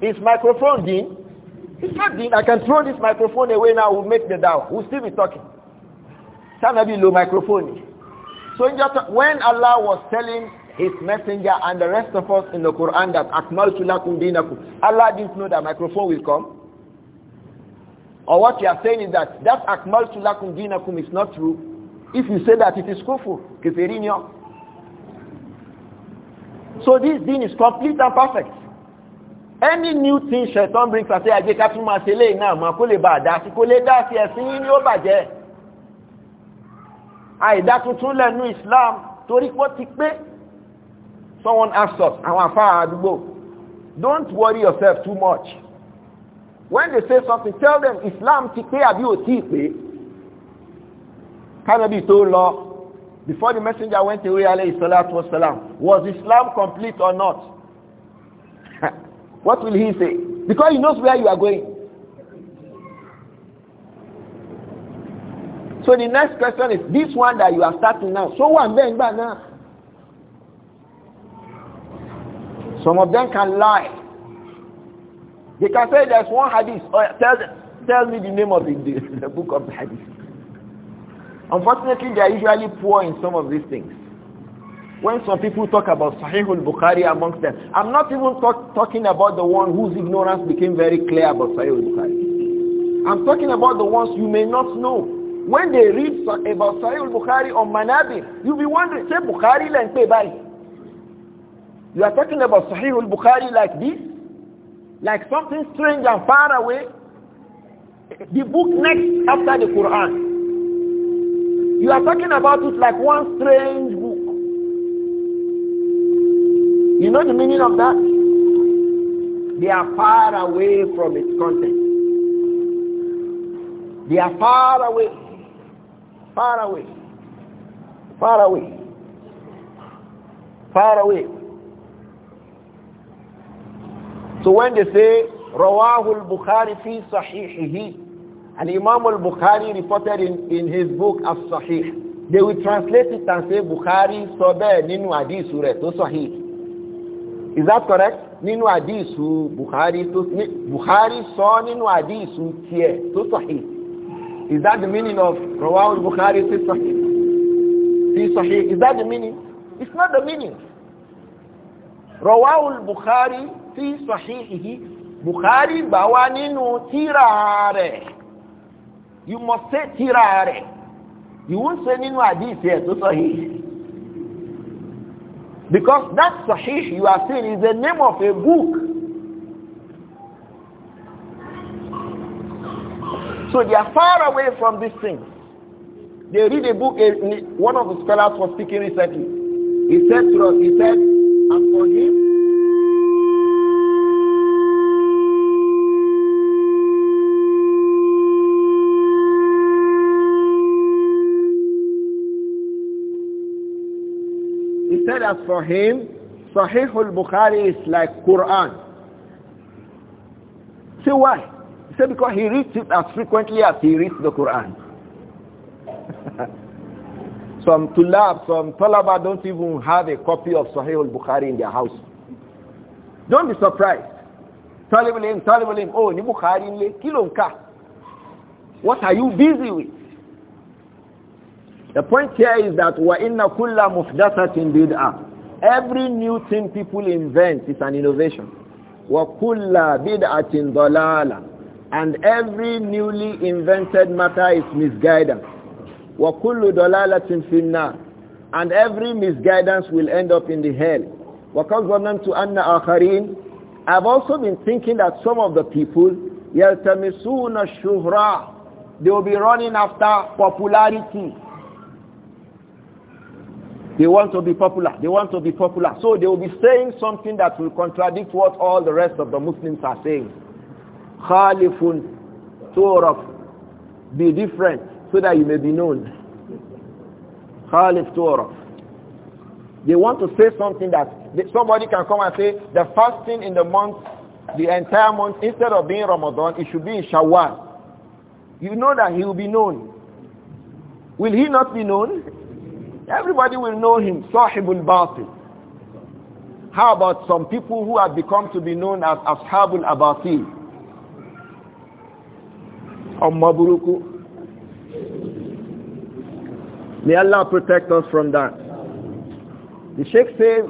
Is microphone dean? It's not dean. I can throw this microphone away now. We'll make the dawah. We'll still be talking. Sáà náà bí lo microphone yìí. So just when Allah was telling his messenger and the rest of us in the Quran that acknowledge lakum dinakum, Allah didn't know that microphone will come. Or what you are saying is that that acknowledge lakum dinakum is not true. If you say that it is kufur, keferinyo. So this din is complete and perfect. Any new thing Shaitan brings I say, Ajé ká tún máa ṣe bá dá sí, kó dá sí ẹ̀sìn yín ni ó bàjẹ́ àìdá tuntun lẹ́nu islam torí pọ́ ti pé someone asked us àwọn àfáà àdúgbò don't worry yourself too much when they say something tell them islam ti pé àbí ò tí ì pé kánábì tó lọ before the messenger went away alayhi salatu wasalam was islam complete or not what will he say because he knows where you are going So the next question is, this one that you are starting now, so one bang now. Some of them can lie. They can say there's one hadith, or tell, tell me the name of the, the, the book of the hadith. Unfortunately, they are usually poor in some of these things when some people talk about Sahih al-Bukhari amongst them, I'm not even talk, talking about the one whose ignorance became very clear about Sahih al-Bukhari. I'm talking about the ones you may not know. When they read about Sahih al-Bukhari or Manabir, you'll be wondering, say Bukhari and say by. You are talking about Sahih al-Bukhari like this? Like something strange and far away? The book next after the Quran. You are talking about it like one strange book. You know the meaning of that? they are far away from its content. They are far away far away far away far away so when they say rawahu al-bukhari fi sahihihi and imam al-bukhari reported in, in his book as-sahih they will translate it and say bukhari sọ bẹ́ẹ̀ nínú hadithu rẹ̀ tó sahih is that correct nínú hadithu bukhari tó bukhari sọ nínú hadithu tiẹ̀ tó sahih is that the meaning of Rawah al-Bukhari fi Sahih? Is that the meaning? It's not the meaning. Rawah al-Bukhari fi Sahihihi. Bukhari Bawani No tírà You must say tirare. You won't say nínú hadith here to Sahih. Because that Sahih you are saying is the name of a book So they are far away from these things. They read a book, one of the scholars was speaking recently. He said to us, he said, and for him, He said as for him, Sahih al-Bukhari is like Quran. See why? Say because he reads it as frequently as he reads the Quran. some tulab, some talaba don't even have a copy of Sahih al-Bukhari in their house. Don't be surprised. Talib al talib al oh, ni Bukhari nle, kilo What are you busy with? The point here is that wa inna kulla muhdathatin Every new thing people invent is an innovation. Wa kulla bid'atin and every newly invented matter is misguidance. وَكُلُّ دَلَالَةٍ فِي النَّارِ And every misguidance will end up in the hell. وَقَدْ anna akharin. آخَرِينَ I've also been thinking that some of the people يَلْتَمِسُونَ الشُّهْرَةِ They will be running after popularity. They want to be popular. They want to be popular. So they will be saying something that will contradict what all the rest of the Muslims are saying khalifun turaf be different so that you may be known khalif turaf they want to say something that somebody can come and say the fasting in the month the entire month instead of being ramadan it should be in shawwal you know that he will be known will he not be known everybody will know him sahibul batil how about some people who have become to be known as ashabul abatil May Allah protect us from that. The Sheikh says,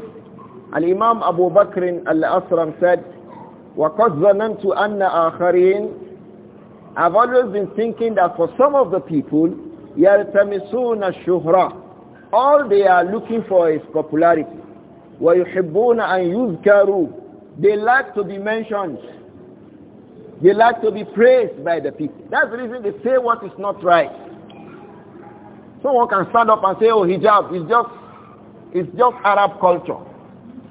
and imam Abu Bakr al-Asram said, وَقَدْ ظَنَنْتُ أَنَّ آخَرِينَ I've always been thinking that for some of the people, يَلْتَمِسُونَ الشُّهْرَةِ All they are looking for is popularity. وَيُحِبُّونَ أَن يُذْكَرُوا They like to be mentioned. They like to be praised by the people. That's the reason they say what is not right. Someone can stand up and say, oh, hijab is just, it's just Arab culture,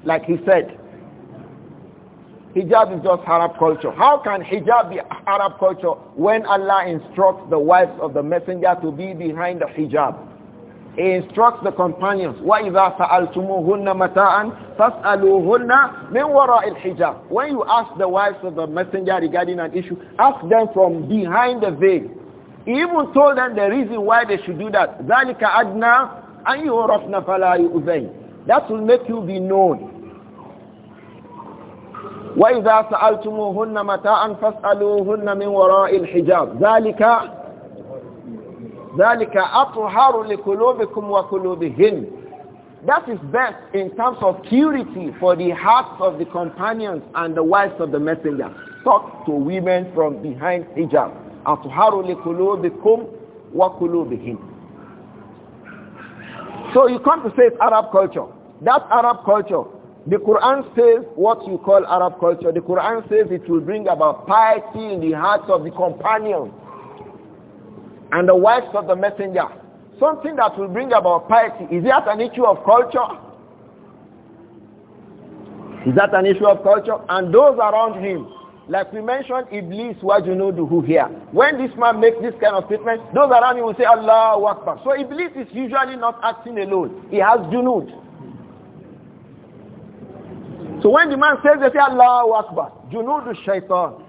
like he said. Hijab is just Arab culture. How can hijab be Arab culture when Allah instructs the wives of the messenger to be behind the hijab? instructs the companions, وَإِذَا سَأَلْتُمُوهُنَّ مَتَاعًا فَاسْأَلُوهُنَّ مِنْ وَرَاءِ hijab When you ask the wives of the messenger regarding an issue, ask them from behind the veil. He even told them the reason why they should do that. ذَلِكَ adna أَنْ يُعْرَفْنَ فَلَا يُؤْذَيْنَ That will make you be known. وَإِذَا سَأَلْتُمُوهُنَّ مَتَاعًا فَاسْأَلُوهُنَّ مِنْ وَرَاءِ hijab ذَلِكَ ذَلِكَ أَطْهَرُ لِقُلُوبِكُمْ وَقُلُوبِهِنْ That is best in terms of purity for the hearts of the companions and the wives of the messenger. Talk to women from behind hijab. أَطْهَرُ لِقُلُوبِكُمْ وَقُلُوبِهِنْ So you come to say it's Arab culture. that's Arab culture, the Quran says what you call Arab culture. The Quran says it will bring about piety in the hearts of the companions and the wives of the messenger. Something that will bring about piety. Is that an issue of culture? Is that an issue of culture? And those around him, like we mentioned, Iblis, what you know do who here. When this man makes this kind of statement, those around him will say, Allah Akbar. So Iblis is usually not acting alone. He has junud. So when the man says, they say, Allah Akbar. Junud is shaitan.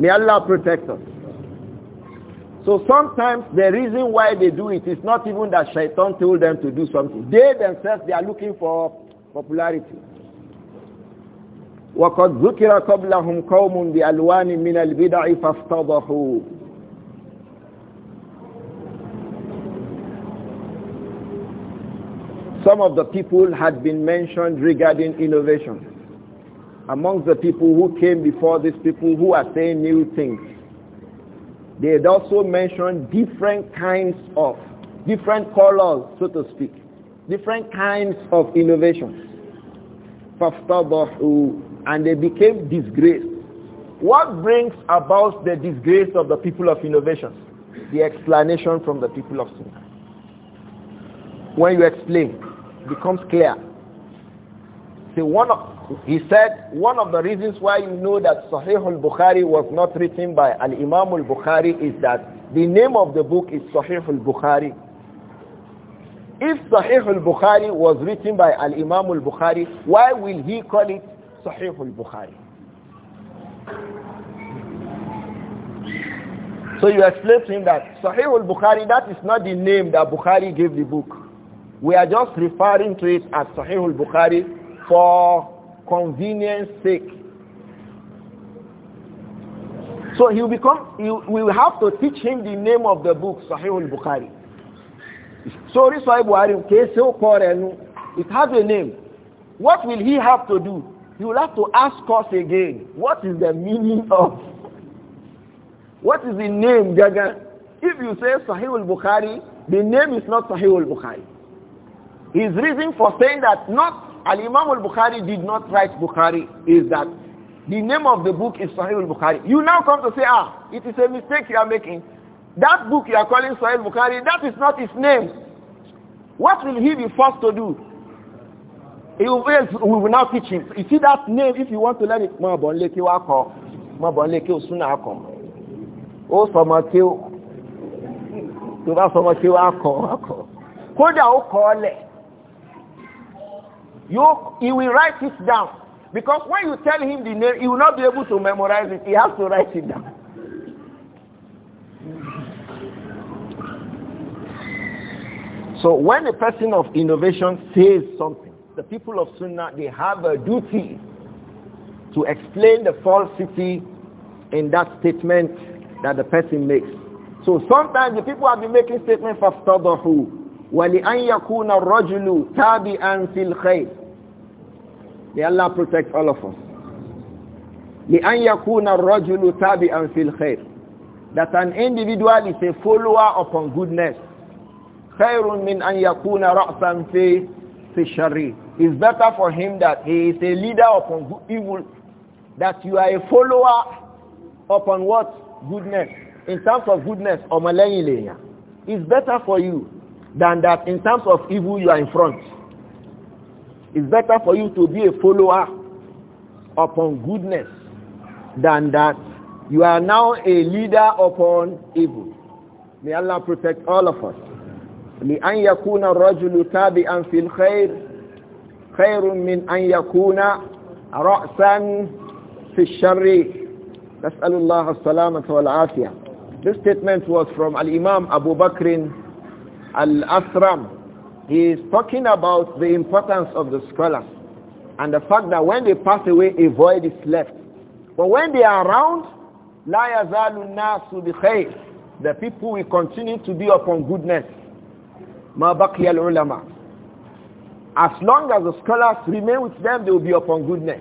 May Allah protect us. So sometimes the reason why they do it is not even that shaitan told them to do something. They themselves, they are looking for popularity. وَقَدْ ذُكِرَ قَبْلَهُمْ قَوْمٌ بِأَلْوَانٍ مِنَ الْبِدَعِ فَافْتَضَحُوا Some of the people had been mentioned regarding innovation. Amongst the people who came before these people who are saying new things. They had also mentioned different kinds of, different colors, so to speak, different kinds of innovations. And they became disgraced. What brings about the disgrace of the people of innovations? The explanation from the people of sin. When you explain, becomes clear See, one of, he said, one of the reasons why you know that Sahih al-Bukhari was not written by al-Imam al-Bukhari is that the name of the book is Sahih al-Bukhari. If Sahih al-Bukhari was written by al-Imam al-Bukhari, why will he call it Sahih al-Bukhari? So you explain to him that Sahih al-Bukhari, that is not the name that Bukhari gave the book. We are just referring to it as Sahih al-Bukhari for convenience sake. So he will become, we will have to teach him the name of the book, Sahih al-Bukhari. So this Sahih Bukhari, it has a name. What will he have to do? He will have to ask us again, what is the meaning of, what is the name, Gaga? If you say Sahih al-Bukhari, the name is not Sahih al-Bukhari. His reason for saying that not Al-Imam al-Bukhari did not write Bukhari is that the name of the book is Sahih al-Bukhari. You now come to say, ah, it is a mistake you are making. That book you are calling Sahih al-Bukhari, that is not his name. What will he be forced to do? He will, we will now teach him. You see that name, if you want to learn it, Mabonleke Wako, Mabonleke Osuna Akom. O Somakeo, Tuba Somakeo Ako, Ako. Kódà ó kọ́ ọ́lẹ̀. You, he will write it down. Because when you tell him the name, he will not be able to memorize it. He has to write it down. So when a person of innovation says something, the people of Sunnah, they have a duty to explain the falsity in that statement that the person makes. So sometimes the people have been making statements for who وَلِأَنْ يَكُونَ الرَّجُلُ تَابِعًا فِي الْخَيْرِ May Allah protect all of us. لِأَنْ يَكُونَ الرَّجُلُ تَابِعًا فِي الْخَيْرِ That an individual is a follower upon goodness. خَيْرٌ مِنْ أَنْ يَكُونَ رَأْسًا فِي فِي الشَّرِّ It's better for him that he is a leader upon evil, that you are a follower upon what? Goodness. In terms of goodness, or malayilenya. It's better for you than that in terms of evil you are in front. It's better for you to be a follower upon goodness than that you are now a leader upon evil. May Allah protect all of us. لأن يكون الرجل تابعا في الخير خير من أن يكون رأسا في الشر نسأل الله السلامة والعافية This statement was from Al-Imam Abu Bakr Al-Asram, he is talking about the importance of the scholars and the fact that when they pass away, a void is left. But when they are around, لا يزال الناس بخير. The people will continue to be upon goodness. Ma بقي Ulama. As long as the scholars remain with them, they will be upon goodness.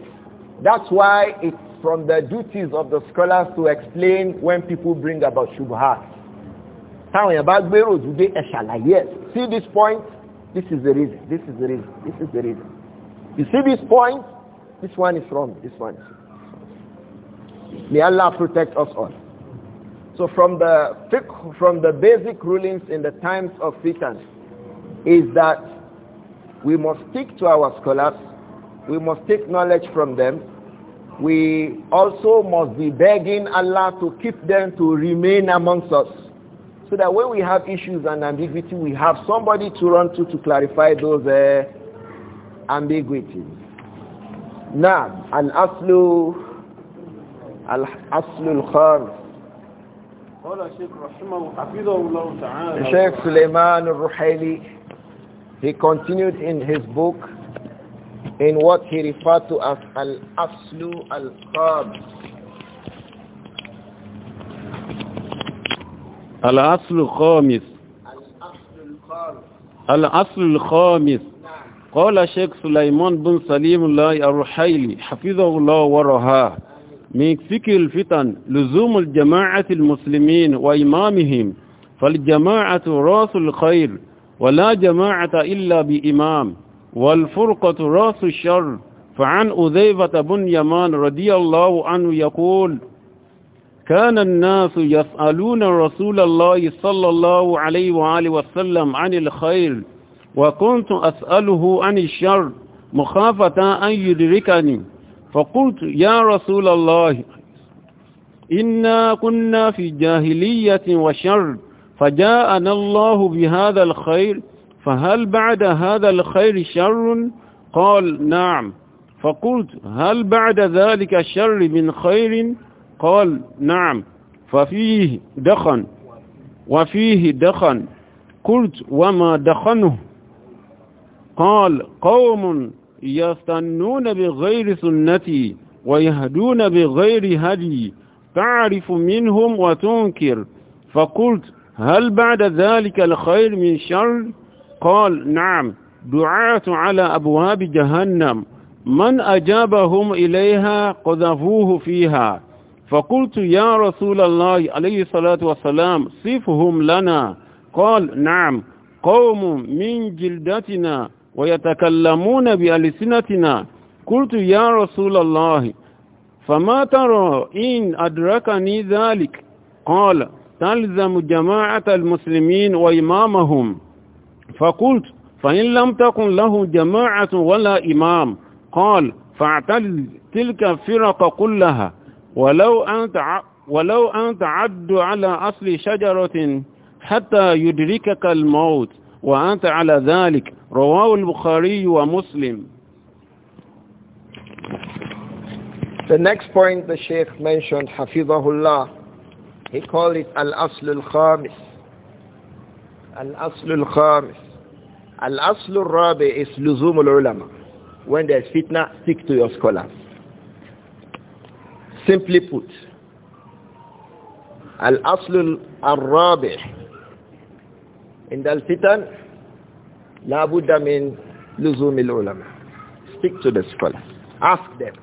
That's why it's from the duties of the scholars to explain when people bring about shubhat táwọn èèyàn bá gbèrò ẹ see this point this is the reason this is the reason this is the reason you see this point this one is wrong this one is wrong. may Allah protect us all so from the from the basic rulings in the times of fitan is that we must stick to our scholars we must take knowledge from them we also must be begging Allah to keep them to remain amongst us so that when we have issues and ambiguity, we have somebody to run to to clarify those uh, ambiguities. Now, al-aslu, al-aslu al-khamis. قال he continued in his book in what he referred to as al-aslu al-qab الأصل الخامس الأصل الخامس قال الشيخ سليمان بن سليم الله الرحيلي حفظه الله ورها من فكر الفتن لزوم الجماعة المسلمين وإمامهم فالجماعة رأس الخير ولا جماعة إلا بإمام والفرقة رأس الشر فعن أذيبة بن يمان رضي الله عنه يقول كان الناس يسألون رسول الله صلى الله عليه وآله وسلم عن الخير وكنت أسأله عن الشر مخافة أن يدركني فقلت يا رسول الله إنا كنا في جاهلية وشر فجاءنا الله بهذا الخير فهل بعد هذا الخير شر قال نعم فقلت هل بعد ذلك الشر من خير قال نعم ففيه دخن وفيه دخن قلت وما دخنه قال قوم يستنون بغير سنتي ويهدون بغير هدي تعرف منهم وتنكر فقلت هل بعد ذلك الخير من شر قال نعم دعاة على أبواب جهنم من أجابهم إليها قذفوه فيها فقلت يا رسول الله عليه الصلاة والسلام صفهم لنا قال نعم قوم من جلدتنا ويتكلمون بألسنتنا قلت يا رسول الله فما ترى إن أدركني ذلك قال تلزم جماعة المسلمين وإمامهم فقلت فإن لم تكن له جماعة ولا إمام قال فاعتل تلك الفرق كلها ولو أن تع... ولو أن تعد على أصل شجرة حتى يدركك الموت وأنت على ذلك رواه البخاري ومسلم The next point the Sheikh mentioned, Hafidahullah, he called it al Aslul khamis al Aslul khamis al Aslul rabi is Luzumul ulama When there's fitna, stick to your scholars. Simply put, الأصل الرابع عند الفتن لا بد من لزوم العلماء speak to the scholars ask them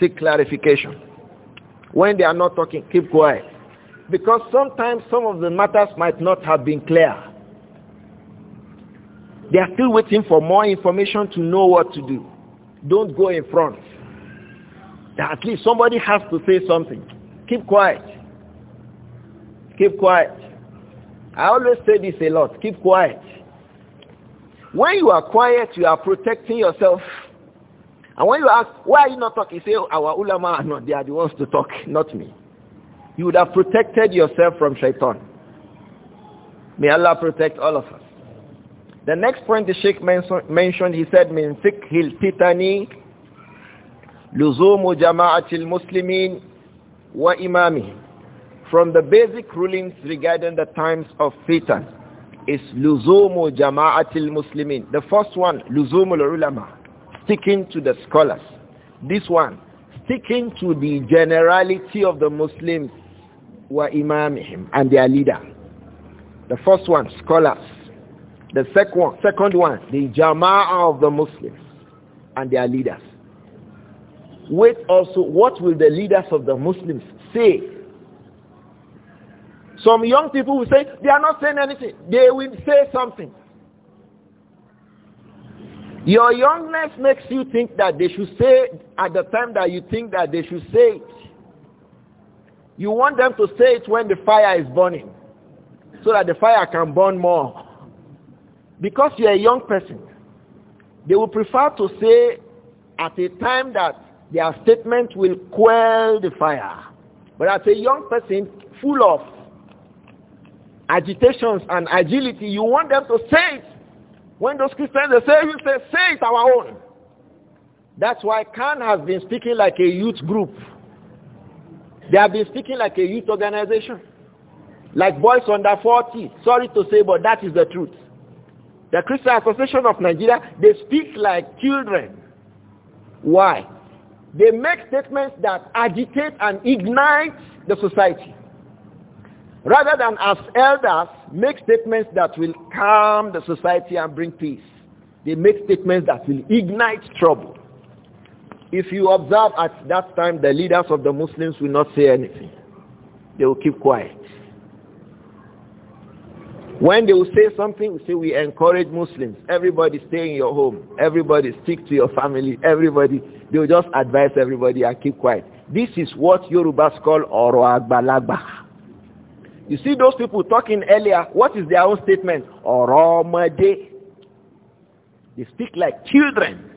seek clarification when they are not talking keep quiet because sometimes some of the matters might not have been clear they are still waiting for more information to know what to do don't go in front at least somebody has to say something. Keep quiet. Keep quiet. I always say this a lot. Keep quiet. When you are quiet, you are protecting yourself. And when you ask, why are you not talking? You say, oh, our ulama are not, they are the ones to talk, not me. You would have protected yourself from shaitan. May Allah protect all of us. The next point the Sheikh mentioned, he said, min fikhil titani لزوم جماعة المسلمين وإمامهم From the basic rulings regarding the times of fitan is لزوم جماعة المسلمين The first one, لزوم العلماء Sticking to the scholars This one, sticking to the generality of the Muslims wa imamihim and their leader. The first one, scholars. The second, one, second one, the jama'ah of the Muslims and their leaders wait also what will the leaders of the Muslims say. Some young people will say, they are not saying anything. They will say something. Your youngness makes you think that they should say at the time that you think that they should say it. You want them to say it when the fire is burning so that the fire can burn more. Because you're a young person, they will prefer to say at a time that their statement will quell the fire. But as a young person full of agitations and agility, you want them to say it. When those Christians they say, you say, say it our own. That's why Khan has been speaking like a youth group. They have been speaking like a youth organization. Like boys under 40. Sorry to say, but that is the truth. The Christian Association of Nigeria, they speak like children. Why? They make statements that agitate and ignite the society. Rather than as elders, make statements that will calm the society and bring peace. They make statements that will ignite trouble. If you observe at that time, the leaders of the Muslims will not say anything. They will keep quiet. When they will say something, we say we encourage Muslims. Everybody stay in your home. Everybody stick to your family. Everybody, they will just advise everybody and keep quiet. This is what Yorubas call Oro Agbalagba. You see those people talking earlier, what is their own statement? Oro Made. They speak like children.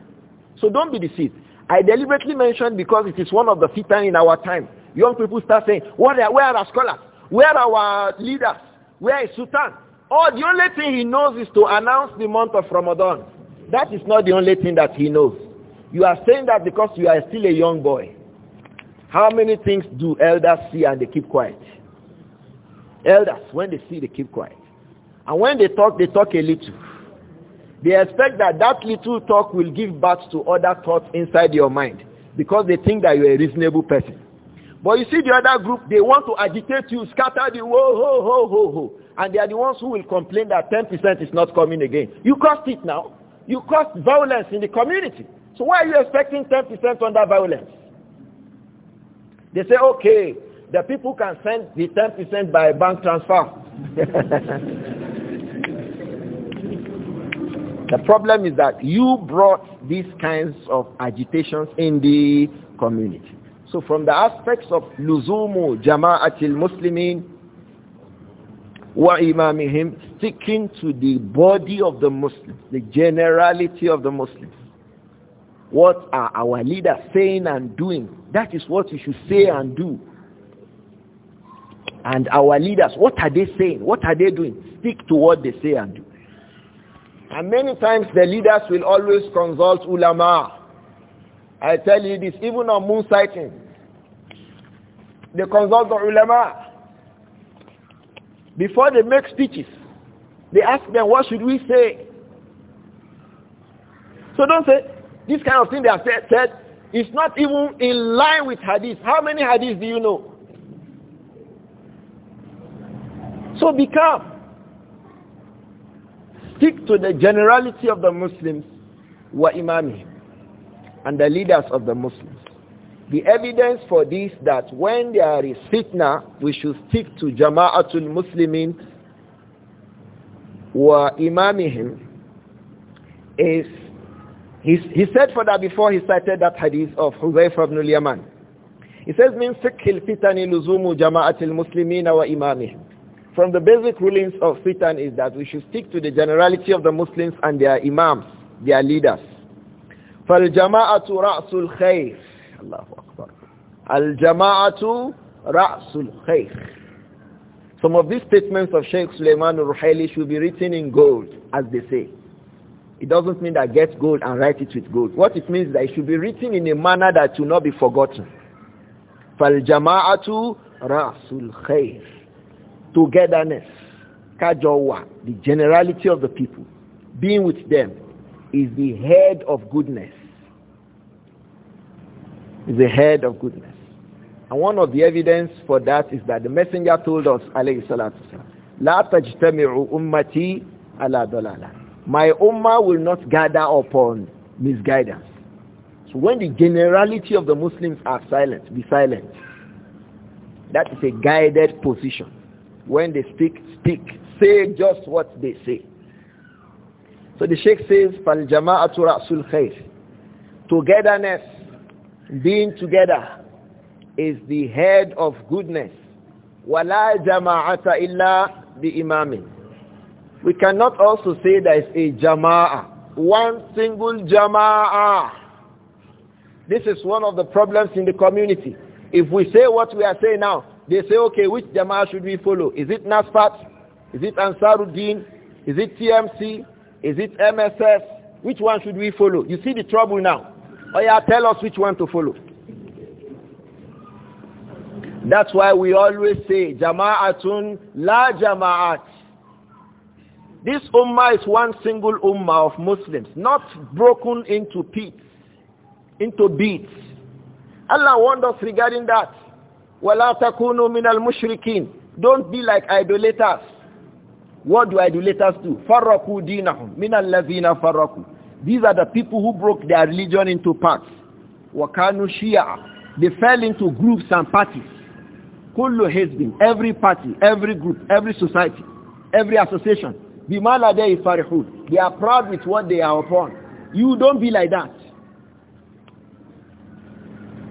So don't be deceived. I deliberately mentioned because it is one of the fitan in our time. Young people start saying, where are, where are our scholars? Where are our leaders? Where is Sultan? Oh, the only thing he knows is to announce the month of Ramadan. That is not the only thing that he knows. You are saying that because you are still a young boy. How many things do elders see and they keep quiet? Elders, when they see, they keep quiet. And when they talk, they talk a little. They expect that that little talk will give birth to other thoughts inside your mind because they think that you're a reasonable person. But you see the other group, they want to agitate you, scatter the whoa, ho, ho, ho, ho and they are the ones who will complain that 10% is not coming again. You caused it now. You caused violence in the community. So why are you expecting 10% under violence? They say, okay, the people can send the 10% by bank transfer. the problem is that you brought these kinds of agitations in the community. So from the aspects of luzumu jama'atil muslimin وَإِمَامِهِمْ sticking to the body of the Muslims, the generality of the Muslims. What are our leaders saying and doing? That is what we should say and do. And our leaders, what are they saying? What are they doing? Stick to what they say and do. And many times the leaders will always consult ulama. I tell you this, even on moon sighting, they consult the ulama. Before they make speeches, they ask them, what should we say? So don't say, this kind of thing they have said, it's is not even in line with hadith. How many hadiths do you know? So be calm. Stick to the generality of the Muslims, wa imami, and the leaders of the Muslims. The evidence for this that when there is fitna, we should stick to Jama'atul Muslimin wa imamihim is he, he said for that before he cited that hadith of Huzaifa ibn al-Yaman. He says, min fiqhil fitani luzumu Jama'atul Muslimin wa imamihim. From the basic rulings of fitan is that we should stick to the generality of the Muslims and their imams, their leaders. فَالْجَمَاعَةُ رَأْسُ الْخَيْرِ Allahu Akbar. Al-jama'atu ra'sul Khayr. Some of these statements of Sheikh Suleiman al-Ruhaili should be written in gold, as they say. It doesn't mean that get gold and write it with gold. What it means is that it should be written in a manner that will not be forgotten. Fal-jama'atu Rasul Khayr. Togetherness, kajawa, the generality of the people, being with them is the head of goodness is the head of goodness. And one of the evidence for that is that the messenger told us, alayhi salatu la tajtami'u ummati ala dalala. My ummah will not gather upon misguidance. So when the generality of the Muslims are silent, be silent. That is a guided position. When they speak, speak. Say just what they say. So the Sheikh says, فَالْجَمَاءَةُ رَأْسُ الْخَيْرِ Togetherness being together is the head of goodness wala jama'ata illa bi imamin we cannot also say there is a jama'a one single jama'a this is one of the problems in the community if we say what we are saying now they say okay which jama'a should we follow is it nasfat is it ansaruddin is it tmc is it mss which one should we follow you see the trouble now Oh yeah, tell us which one to follow. That's why we always say jama'atun la jama'at. This ummah is one single ummah of Muslims, not broken into pieces, into beads. Allah warned us regarding that. وَلَا تَكُونُوا مِنَ الْمُشْرِكِينَ Don't be like idolaters. What do idolaters do? فَرَّقُوا دِينَهُمْ مِنَ الَّذِينَ فَرَّقُوا these are the people who broke their religion into parts. Wakanu Shia. They fell into groups and parties. Kullu been Every party, every group, every society, every association. Bimaladei Farihud. They are proud with what they are upon. You don't be like that.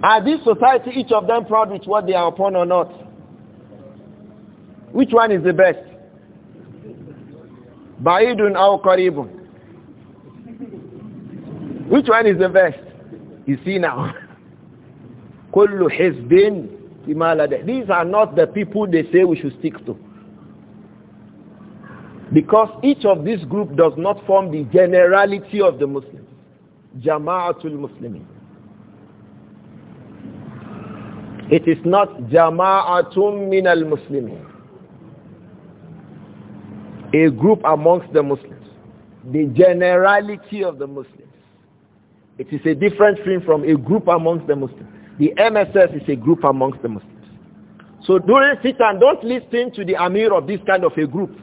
Are this society, each of them proud with what they are upon or not? Which one is the best? Ba'idun aw qaribun? Which one is the best? You see now. Kullu hizbin These are not the people they say we should stick to. Because each of this group does not form the generality of the Muslims. Jama'atul Muslimin. It is not Jama'atum minal Muslimin. A group amongst the Muslims. The generality of the Muslims. It is a different thing from a group amongst the Muslims. The MSS is a group amongst the Muslims. So during fitan, don't listen to the Amir of this kind of a group.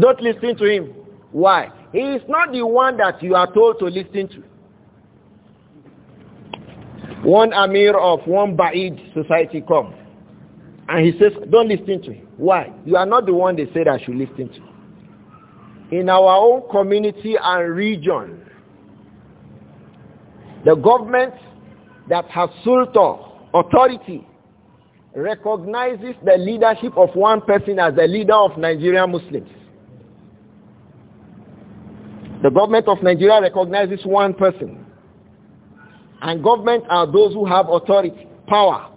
Don't listen to him. Why? He is not the one that you are told to listen to. One Amir of one Ba'id society come. And he says, don't listen to him. Why? You are not the one they said I should listen to in our own community and region. The government that has sultan authority recognizes the leadership of one person as the leader of Nigerian Muslims. The government of Nigeria recognizes one person. And government are those who have authority, power,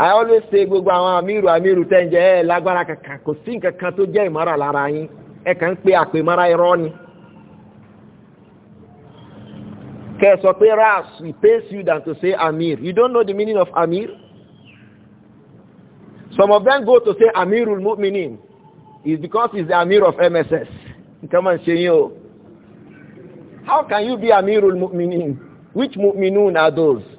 I always say gbogbo àwọn Amiru amíru tẹ́ǹjẹ́ ẹ lágbára kankan kò sí nǹkan kan tó jẹ́ ìmọ́ra lára yín ẹ kàn ń pe àpèmọ́ra irọ́ ni. kẹ pé ras we pays you than to say amir you don't know the meaning of amir some of them go to say amirul mu'minin is because he's the amir of mss nǹkan máa ń ṣe yín o how can you be amirul mu'minin which mu'minun are those.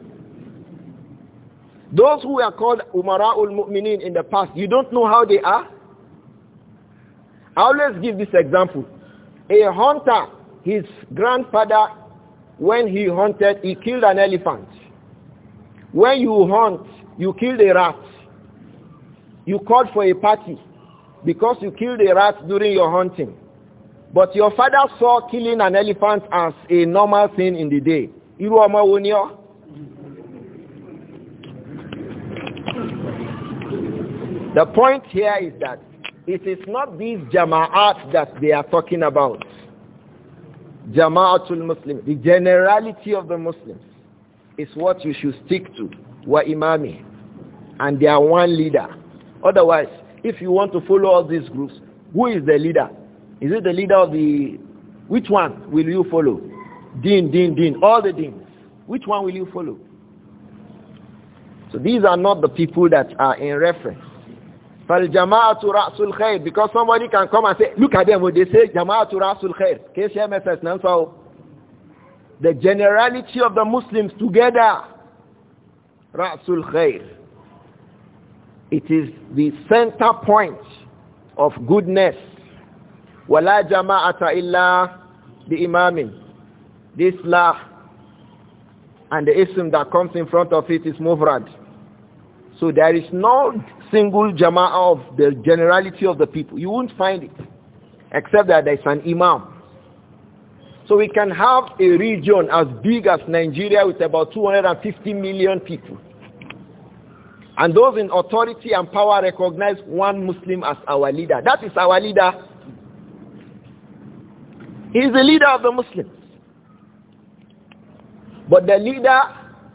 Those who are called Umara'ul Mu'minin in the past, you don't know how they are? I always give this example. A hunter, his grandfather, when he hunted, he killed an elephant. When you hunt, you killed a rat. You called for a party because you killed a rat during your hunting. But your father saw killing an elephant as a normal thing in the day. Iru The point here is that it is not these jama'at that they are talking about. Jama'atul Muslim, the generality of the Muslims is what you should stick to. Wa imami. And they are one leader. Otherwise, if you want to follow all these groups, who is the leader? Is it the leader of the... Which one will you follow? Din, din, din. All the dins. Which one will you follow? So these are not the people that are in reference. فَالْجَمَاعَةُ Rasul Khair, Because somebody can come and say, look at them, oh, they say, جَمَاعَةُ رَأْسُ الْخَيْرِ KCMSS, Nansao. The generality of the Muslims together, Rasul Khair. It is the center point of goodness. وَلَا جَمَاعَةَ the بِإِمَامٍ This la and the ism that comes in front of it is mufrad. So there is no single jama'ah of the generality of the people. You won't find it, except that there's an imam. So we can have a region as big as Nigeria with about 250 million people. And those in authority and power recognize one Muslim as our leader. That is our leader. He is the leader of the Muslims. But the leader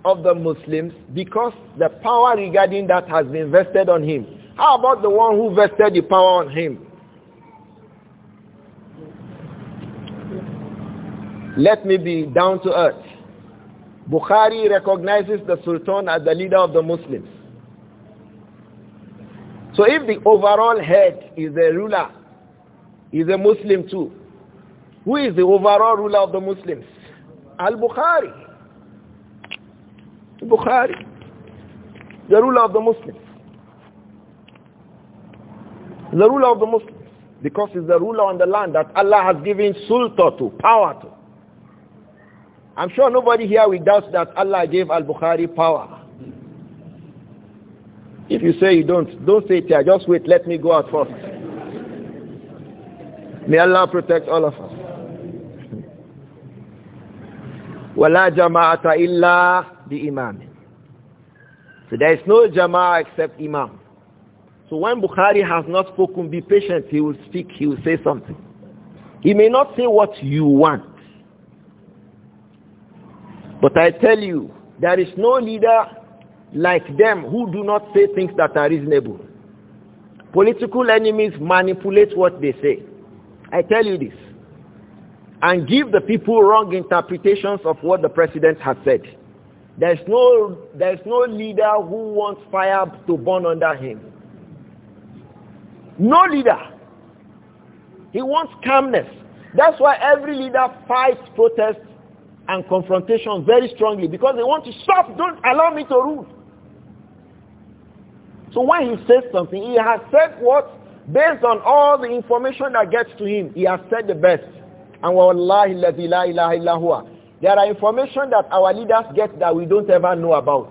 of the Muslims because the power regarding that has been vested on him. How about the one who vested the power on him? Let me be down to earth. Bukhari recognizes the Sultan as the leader of the Muslims. So if the overall head is a ruler, is a Muslim too, who is the overall ruler of the Muslims? Al-Bukhari. Bukhari, the ruler of the Muslims. The ruler of the Muslims. Because it's the ruler on the land that Allah has given sultan to, power to. I'm sure nobody here will doubt that Allah gave Al-Bukhari power. If you say you don't, don't say it here. Just wait. Let me go out first. May Allah protect all of us. وَلَا جَمَاعَةَ إِلَّا the imam. So there is no jama'ah except imam. So when Bukhari has not spoken, be patient. He will speak. He will say something. He may not say what you want. But I tell you, there is no leader like them who do not say things that are reasonable. Political enemies manipulate what they say. I tell you this. And give the people wrong interpretations of what the president has said. There is no, there is no leader who wants fire to burn under him. No leader. He wants calmness. That's why every leader fights protest and confrontation very strongly because they want to stop. Don't allow me to rule. So when he says something, he has said what? Based on all the information that gets to him, he has said the best. And wallahi la ilaha illa there are information that our leaders get that we don't ever know about.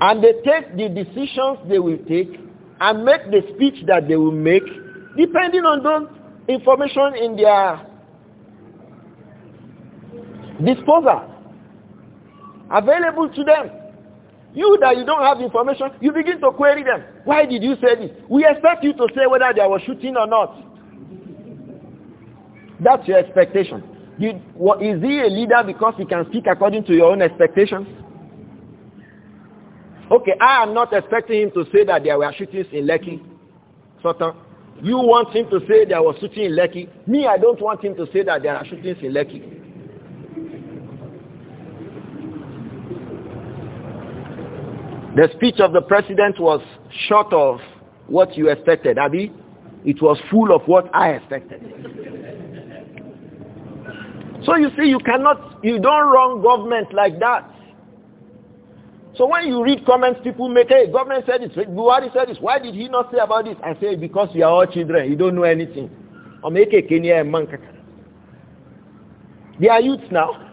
And they take the decisions they will take and make the speech that they will make depending on those information in their disposal available to them. You that you don't have information, you begin to query them. Why did you say this? We expect you to say whether they were shooting or not. That's your expectation. Did, what, is he a leader because he can speak according to your own expectations? Okay, I am not expecting him to say that there were shootings in Lekki. Sultan, you want him to say there was shooting in Lekki. Me, I don't want him to say that there are shootings in Lekki. The speech of the president was short of what you expected, Abi. It was full of what I expected. So you see, you cannot, you don't run government like that. So when you read comments people make, hey, government said this, Buhari said this, why did he not say about this? I say, because we are all children, you don't know anything. Or make a Kenya and Mankaka. They are youths now.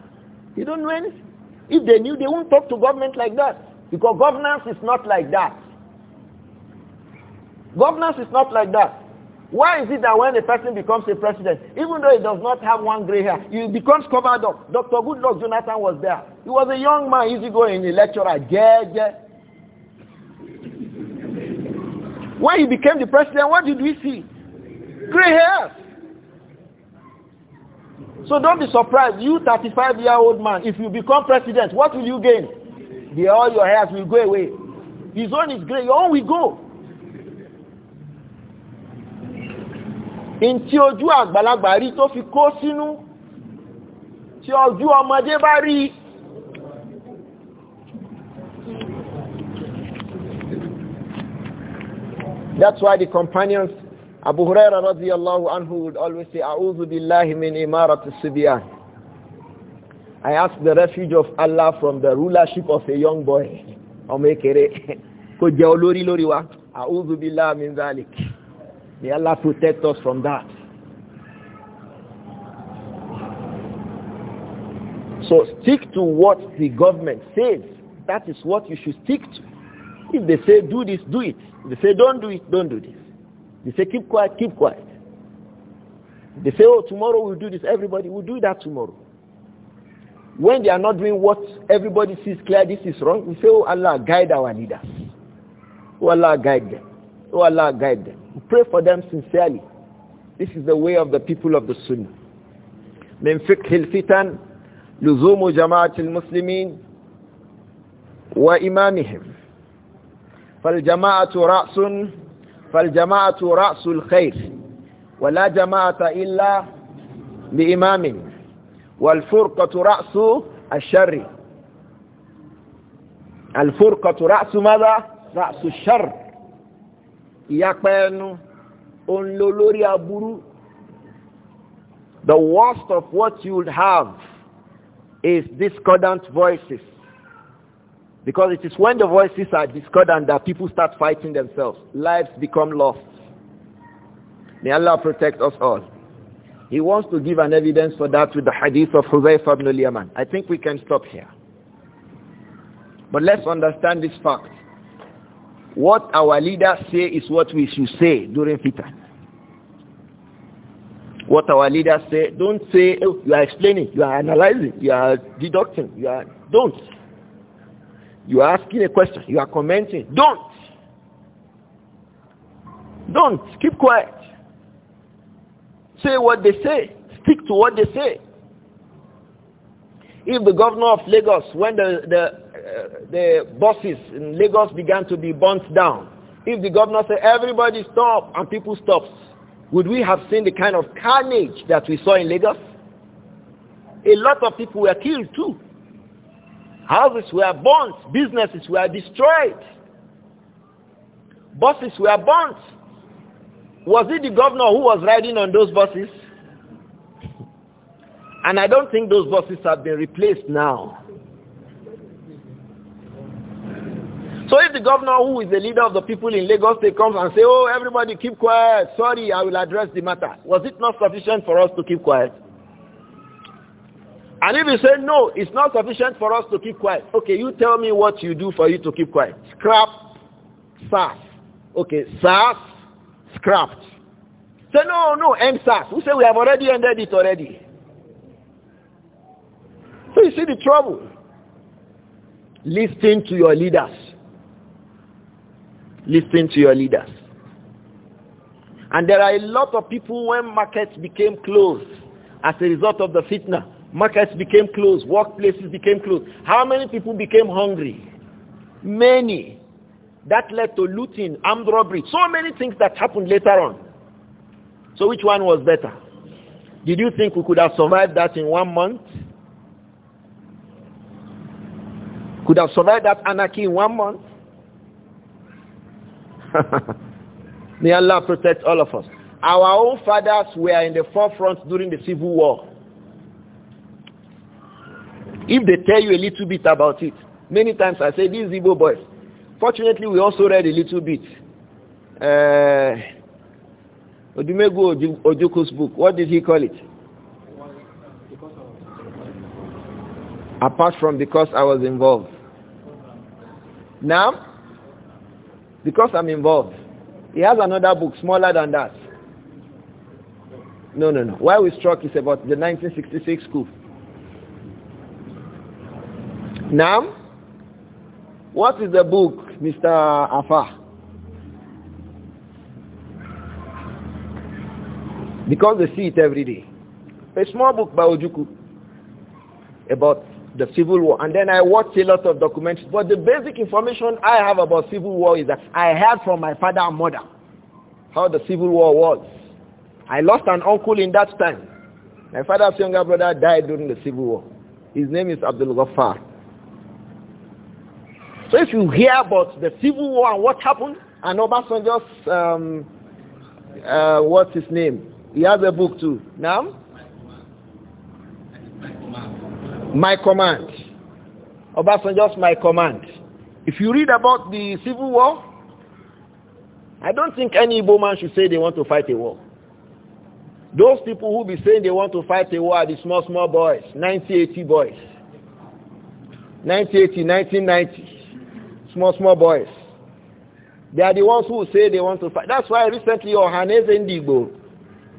You don't know anything. If they knew, they won't talk to government like that. Because governance is not like that. Governance is not like that. Why is it that when a person becomes a president, even though he does not have one gray hair, he becomes covered up? Dr. Goodluck Jonathan was there. He was a young man, easy going, a lecturer, yeah, When he became the president, what did we see? Gray hair. So don't be surprised, you 35-year-old man, if you become president, what will you gain? The, all your hairs will go away. His own is gray, your own will go. ojú àgbàlagbà rí tó fi kó sínú tí ojú ọmọdé bá rí that's why the companions Abu Huraira radiyallahu anhu would always say a'udhu billahi min imarati sibyan I ask the refuge of Allah from the rulership of a young boy ọmọ kò jẹ́ olórí lórí wa a'udhu billahi min zalik May Allah protect us from that. So stick to what the government says. That is what you should stick to. If they say do this, do it. If they say don't do it, don't do this. They say keep quiet, keep quiet. They say, oh, tomorrow we'll do this. Everybody will do that tomorrow. When they are not doing what everybody sees clear, this is wrong, we say, oh, Allah, guide our leaders. Oh, Allah, guide them. Oh, Allah, guide them. Pray for them sincerely. This is the way of the people of the Sunnah. من فقه الفتن لزوم جماعة المسلمين وإمامهم فالجماعة رأس فالجماعة رأس الخير ولا جماعة إلا بإمام والفرقة رأس الشر الفرقة رأس ماذا؟ رأس الشر ìyapa ẹnu òun lo lórí aburú the worst of what you would have is discordant voices because it is when the voices are discordant that people start fighting themselves lives become lost may Allah protect us all he wants to give an evidence for that with the hadith of Huzayf ibn al-Yaman. I think we can stop here. But let's understand this fact. What our leaders say is what we should say during fitna. What our leaders say, don't say, oh, you are explaining, you are analyzing, you are deducting, you are, don't. You are asking a question, you are commenting, don't. Don't, keep quiet. Say what they say, stick to what they say. If the governor of Lagos, when the, the the buses in Lagos began to be burnt down, if the governor said, everybody stop, and people stopped, would we have seen the kind of carnage that we saw in Lagos? A lot of people were killed too. Houses were burnt, businesses were destroyed, buses were burnt. Was it the governor who was riding on those buses? And I don't think those buses have been replaced now. So if the governor who is the leader of the people in Lagos State comes and say, oh, everybody keep quiet, sorry, I will address the matter, was it not sufficient for us to keep quiet? And if you say, no, it's not sufficient for us to keep quiet, okay, you tell me what you do for you to keep quiet. Scrap, SAS. Okay, SAS, scrapped. Say, no, no, end SAS. We say we have already ended it already. So you see the trouble. Listen to your leaders. Listen to your leaders. And there are a lot of people when markets became closed as a result of the fitna. Markets became closed. Workplaces became closed. How many people became hungry? Many. That led to looting, armed robbery. So many things that happened later on. So which one was better? Did you think we could have survived that in one month? Could have survived that anarchy in one month? May Allah protect all of us. Our own fathers were in the forefront during the civil war. If they tell you a little bit about it, many times I say these evil boys. Fortunately, we also read a little bit. Uh, Ojuku's book, what did he call it? Apart from because I was involved. Now, because I'm involved. He has another book smaller than that. No, no, no. Why we struck is about the 1966 coup. Now, what is the book, Mr. Afar? Because they see it every day. A small book by Ojuku about the civil war. And then I watched a lot of documentaries. But the basic information I have about civil war is that I heard from my father and mother how the civil war was. I lost an uncle in that time. My father's younger brother died during the civil war. His name is Abdul Ghaffar. So if you hear about the civil war and what happened, and Obasanjo's, um, uh, what's his name? He has a book too. Now, My command. Obasanjo's my command. If you read about the civil war, I don't think any Igbo man should say they want to fight a war. Those people who be saying they want to fight a war are the small, small boys, 1980 boys. 1980, 1990, small, small boys. They are the ones who say they want to fight. That's why recently Ohanese Indigo,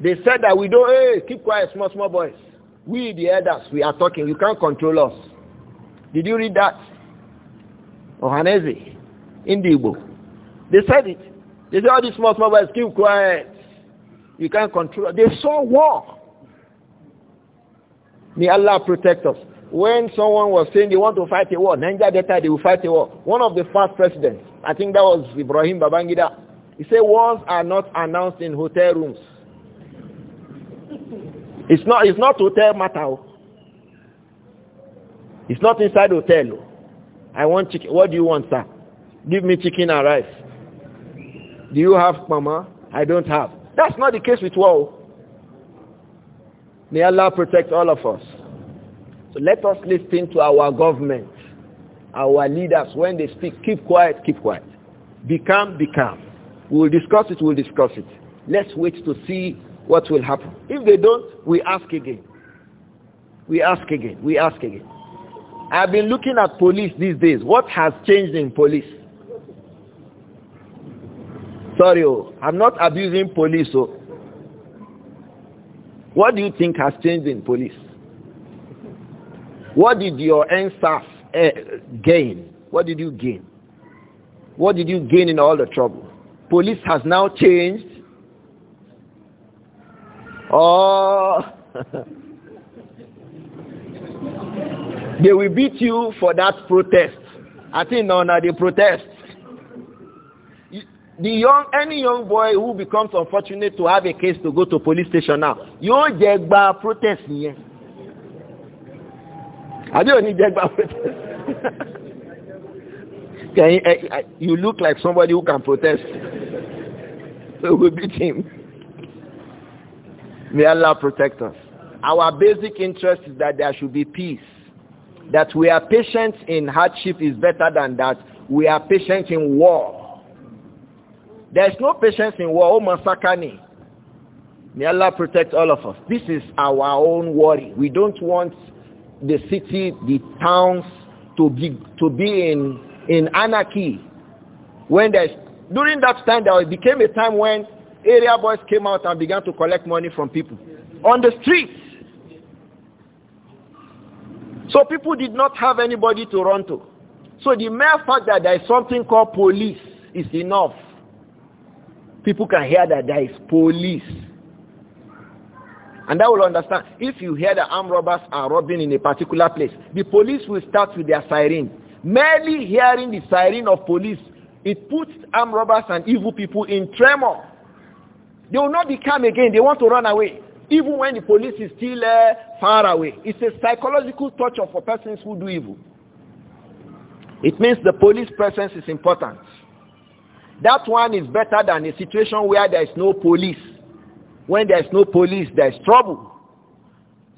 they said that we don't, hey, keep quiet, small, small boys. We, the elders, we are talking. You can't control us. Did you read that? Ohanezi, in the Igbo. They said it. They said, all these small, small boys, keep quiet. You can't control. They saw war. May Allah protect us. When someone was saying they want to fight a war, Niger Delta, they will fight a war. One of the first presidents, I think that was Ibrahim Babangida, he said wars are not announced in hotel rooms. It's not it's not hotel matter. Oh. It's not inside hotel. Oh. I want chicken. What do you want, sir? Give me chicken and rice. Do you have mama? I don't have. That's not the case with all. Oh. May Allah protect all of us. So let us listen to our government, our leaders. When they speak, keep quiet, keep quiet. Be calm, be calm. We will discuss it, we will discuss it. Let's wait to see what will happen. If they don't, we ask again. We ask again. We ask again. I've been looking at police these days. What has changed in police? Sorry, oh, I'm not abusing police. Oh. What do you think has changed in police? What did your end staff uh, gain? What did you gain? What did you gain in all the trouble? Police has now changed Or oh. they will beat you for that protest. I think now now they protest. The young, any young boy who becomes unfortunate to have a case to go to police station now, you jegba protest here. I don't need jegba protest. Can you, eh, eh, you look like somebody who can protest. so we beat him. May Allah protect us. Our basic interest is that there should be peace. That we are patient in hardship is better than that. We are patient in war. There is no patience in war. Oh, Masakani. May Allah protect all of us. This is our own worry. We don't want the city, the towns to be, to be in, in anarchy. When there's, during that time, there became a time when area boys came out and began to collect money from people on the streets. So people did not have anybody to run to. So the mere fact that there is something called police is enough. People can hear that there is police. And that will understand. If you hear that armed robbers are robbing in a particular place, the police will start with their siren. Merely hearing the siren of police, it puts armed robbers and evil people in tremor. They will not become again. They want to run away. Even when the police is still uh, far away. It's a psychological torture for persons who do evil. It means the police presence is important. That one is better than a situation where there is no police. When there is no police, there is trouble.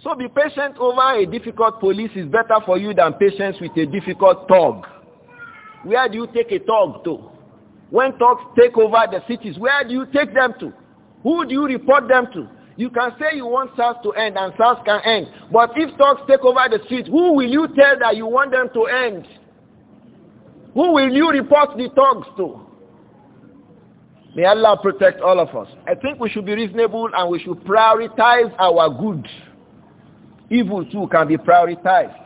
So be patient over a difficult police is better for you than patience with a difficult thug. Where do you take a thug to? When thugs take over the cities, where do you take them to? Who do you report them to? You can say you want SARS to end and SARS can end. But if talks take over the street, who will you tell that you want them to end? Who will you report the talks to? May Allah protect all of us. I think we should be reasonable and we should prioritize our good. Evil too can be prioritized.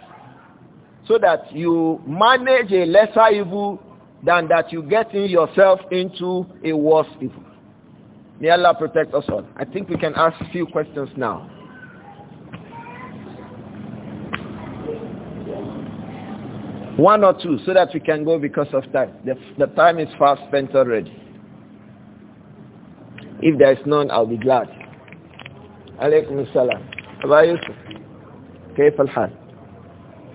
So that you manage a lesser evil than that you get in yourself into a worse evil. May Allah protect us all. I think we can ask a few questions now. One or two so that we can go because of time. The, the time is fast spent already. If there is none, I'll be glad. عليكم السلام yusuf. يوسف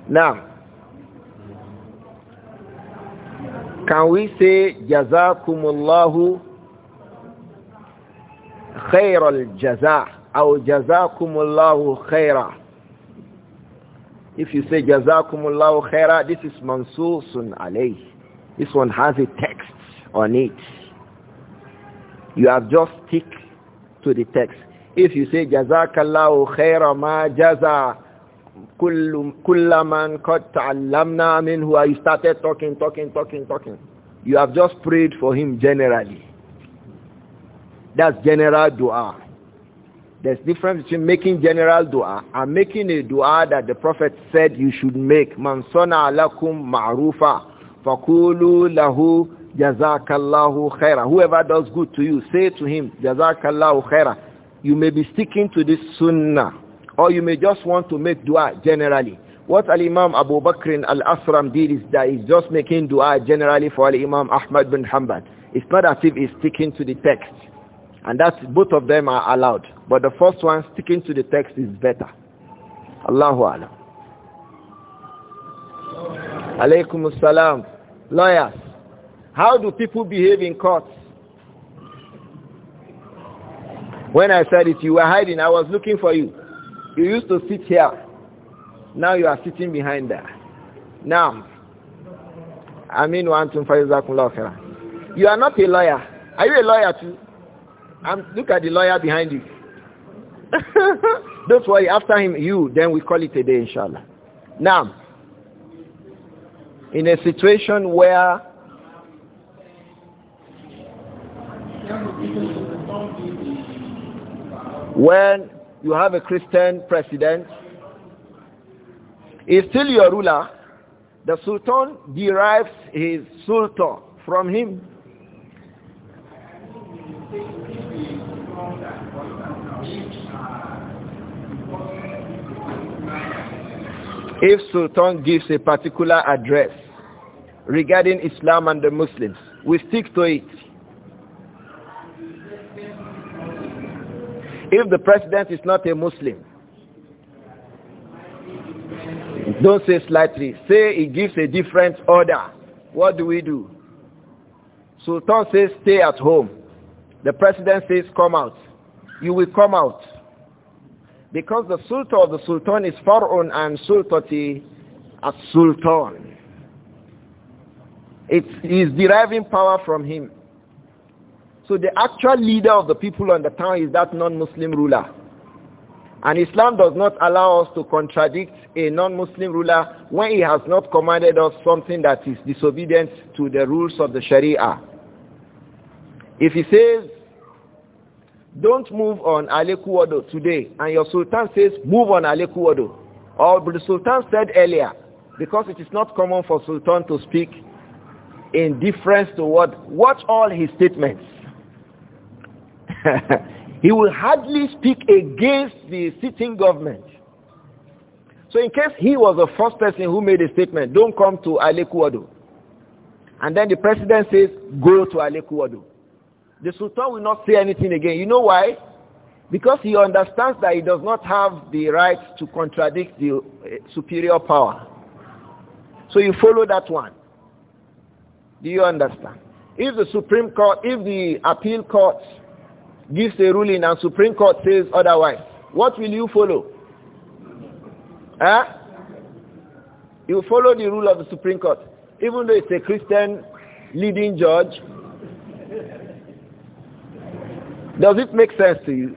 Now, can we say جزاكم Allahu? خير الجزاء أو جزاكم الله خيرا If you say جزاكم الله خيرا this is منصوص عليه This one has a text on it You have just stick to the text If you say جزاك الله خيرا ما جزا كل كل من قد تعلمنا منه I started talking talking talking talking You have just prayed for him generally that's general dua. There's difference between making general dua and making a dua that the Prophet said you should make. Man sana alakum ma'rufa fakulu lahu jazakallahu khaira. Whoever does good to you, say to him jazakallahu khaira. You may be sticking to this sunnah or you may just want to make dua generally. What Al-Imam Abu Bakr Al-Asram did is that he's just making dua generally for Al-Imam Ahmad bin Hanbal. It's not as if he's sticking to the text. And that both of them are allowed. But the first one, sticking to the text, is better. Allahu Alam. Alaykum salam. Lawyers, how do people behave in courts? When I said it, you were hiding. I was looking for you. You used to sit here. Now you are sitting behind there. Now, I mean, you are not a lawyer. Are you a lawyer too? And look at the lawyer behind you. Don't worry, after him, you, then we call it a day, inshallah. Now, in a situation where when you have a Christian president, is still your ruler, the Sultan derives his Sultan from him. If Sultan gives a particular address regarding Islam and the Muslims, we stick to it. If the president is not a Muslim, don't say slightly. Say he gives a different order. What do we do? Sultan says stay at home. The president says come out. You will come out. Because the sultan of the sultan is far'un and sultati as sultan. It is deriving power from him. So the actual leader of the people on the town is that non-Muslim ruler. And Islam does not allow us to contradict a non-Muslim ruler when he has not commanded us something that is disobedient to the rules of the Sharia. If he says, don't move on Alekuwado today. And your sultan says, move on Alekuwado. Or the sultan said earlier, because it is not common for sultan to speak in difference to what, watch all his statements. he will hardly speak against the sitting government. So in case he was the first person who made a statement, don't come to Alekuwado. And then the president says, go to Alekuwado the sultan will not say anything again. You know why? Because he understands that he does not have the right to contradict the uh, superior power. So you follow that one. Do you understand? If the Supreme Court, if the appeal court gives a ruling and Supreme Court says otherwise, what will you follow? Huh? You follow the rule of the Supreme Court, even though it's a Christian leading judge. Does it make sense to you?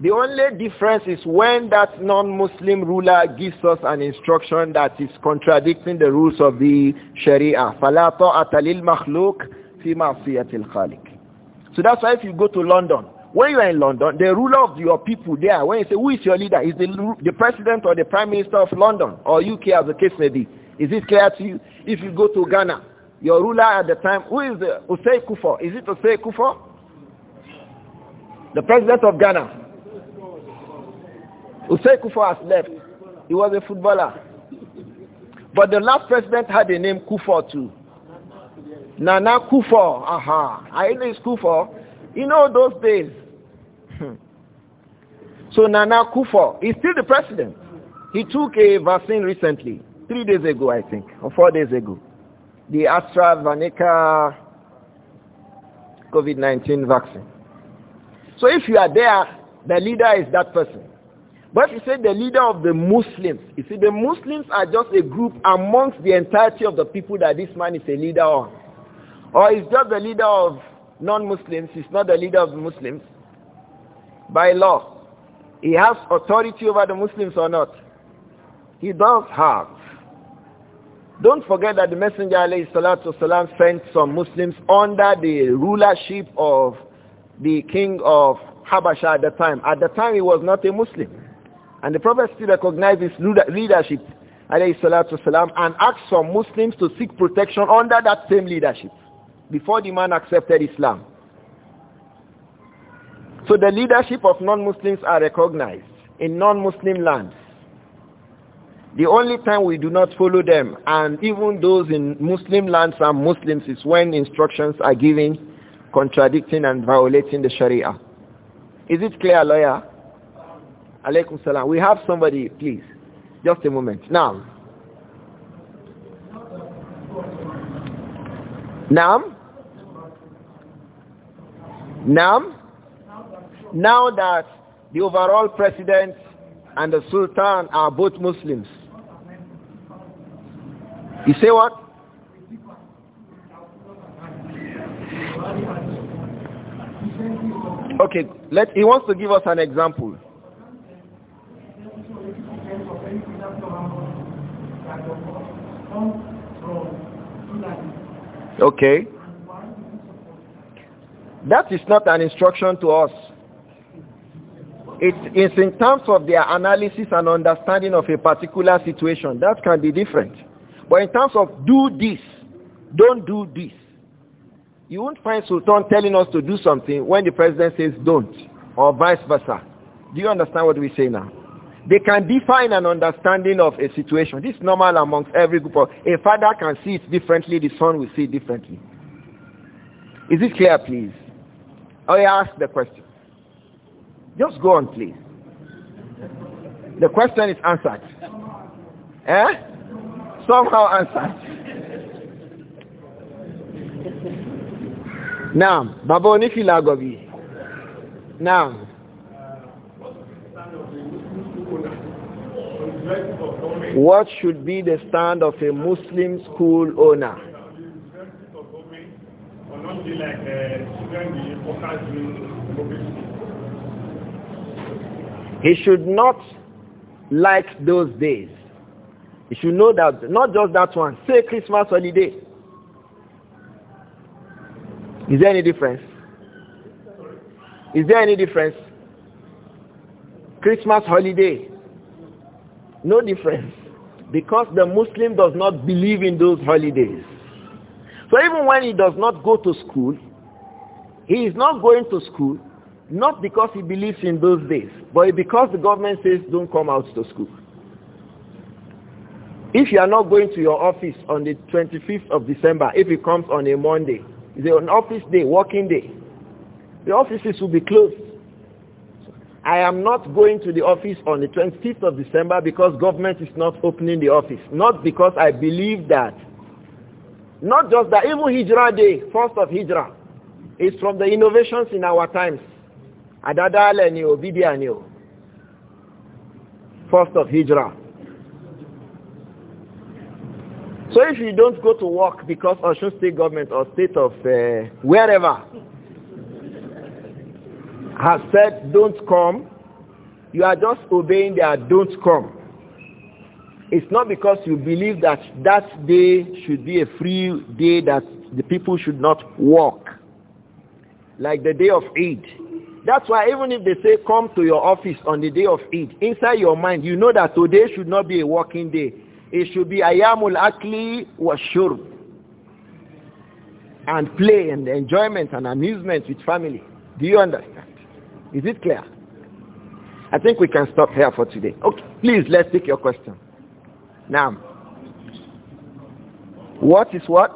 The only difference is when that non-Muslim ruler gives us an instruction that is contradicting the rules of the Sharia. فَلَا طَاعَةَ لِلْمَخْلُوقِ فِي مَعْصِيَةِ الْخَالِقِ So that's why if you go to London, when you are in London, the ruler of your people there, when you say, who is your leader? Is the, the president or the prime minister of London or UK as the case may be? Is it clear to you? If you go to Ghana, your ruler at the time, who is the Osei Kufa? Is it Osei Kufa? The president of Ghana, Usei Kufa has left. He was a footballer. But the last president had the name Kufa too. Nana Kufa. Aha. I know it's Kufa. You know those days. Hmm. so Nana Kufa is still the president. He took a vaccine recently, three days ago, I think, or four days ago. The AstraZeneca COVID-19 vaccine. So if you are there, the leader is that person. But if you say the leader of the Muslims, you see the Muslims are just a group amongst the entirety of the people that this man is a leader on. Or he's just the leader of non-Muslims, he's not the leader of the Muslims. By law, he has authority over the Muslims or not? He does have. Don't forget that the Messenger والسلام, sent some Muslims under the rulership of the king of Habasha at the time. At the time, he was not a Muslim. And the Prophet still recognized his leadership, والسلام, and asked some Muslims to seek protection under that same leadership before the man accepted Islam. So the leadership of non-Muslims are recognized in non-Muslim lands. The only time we do not follow them, and even those in Muslim lands are Muslims, is when instructions are given contradicting and violating the Sharia. Is it clear, lawyer? Alaykum salam. We have somebody, please. Just a moment. Now. Now. Now. Now that the overall president and the sultan are both Muslims. You say what? Okay, let he wants to give us an example. Okay. That is not an instruction to us. It is in terms of their analysis and understanding of a particular situation. That can be different. But in terms of do this, don't do this, you won't find Sultan telling us to do something when the president says don't, or vice versa. Do you understand what we say now? They can define an understanding of a situation. This is normal amongst every group. Of, a father can see it differently, the son will see it differently. Is it clear, please? I oh, ask the question. Just go on, please. The question is answered. Eh? Somehow answered. Naam, bàbá onífìlà gọ̀bì. Naam. What should be the stand of a Muslim school owner? He should not like those days. He should know that, not just that one, say Christmas holiday. Is there any difference? Is there any difference? Christmas holiday. No difference. Because the Muslim does not believe in those holidays. So even when he does not go to school, he is not going to school, not because he believes in those days, but because the government says don't come out to school. If you are not going to your office on the 25th of December, if it comes on a Monday, it's an office day, working day. The offices will be closed. I am not going to the office on the 25th of December because government is not opening the office. Not because I believe that. Not just that, even Hijrah Day, first of Hijrah, is from the innovations in our times. Adadale ni Obidia ni First of Hijrah. So if you don't go to work because Osun state government or state of uh, wherever has said don't come, you are just obeying their don't come. It's not because you believe that that day should be a free day that the people should not work. Like the day of Eid. That's why even if they say come to your office on the day of Eid, inside your mind you know that today should not be a working day it should be ayamul akli wa And play and enjoyment and amusement with family. Do you understand? Is it clear? I think we can stop here for today. Okay, please let's take your question. Now, what is what?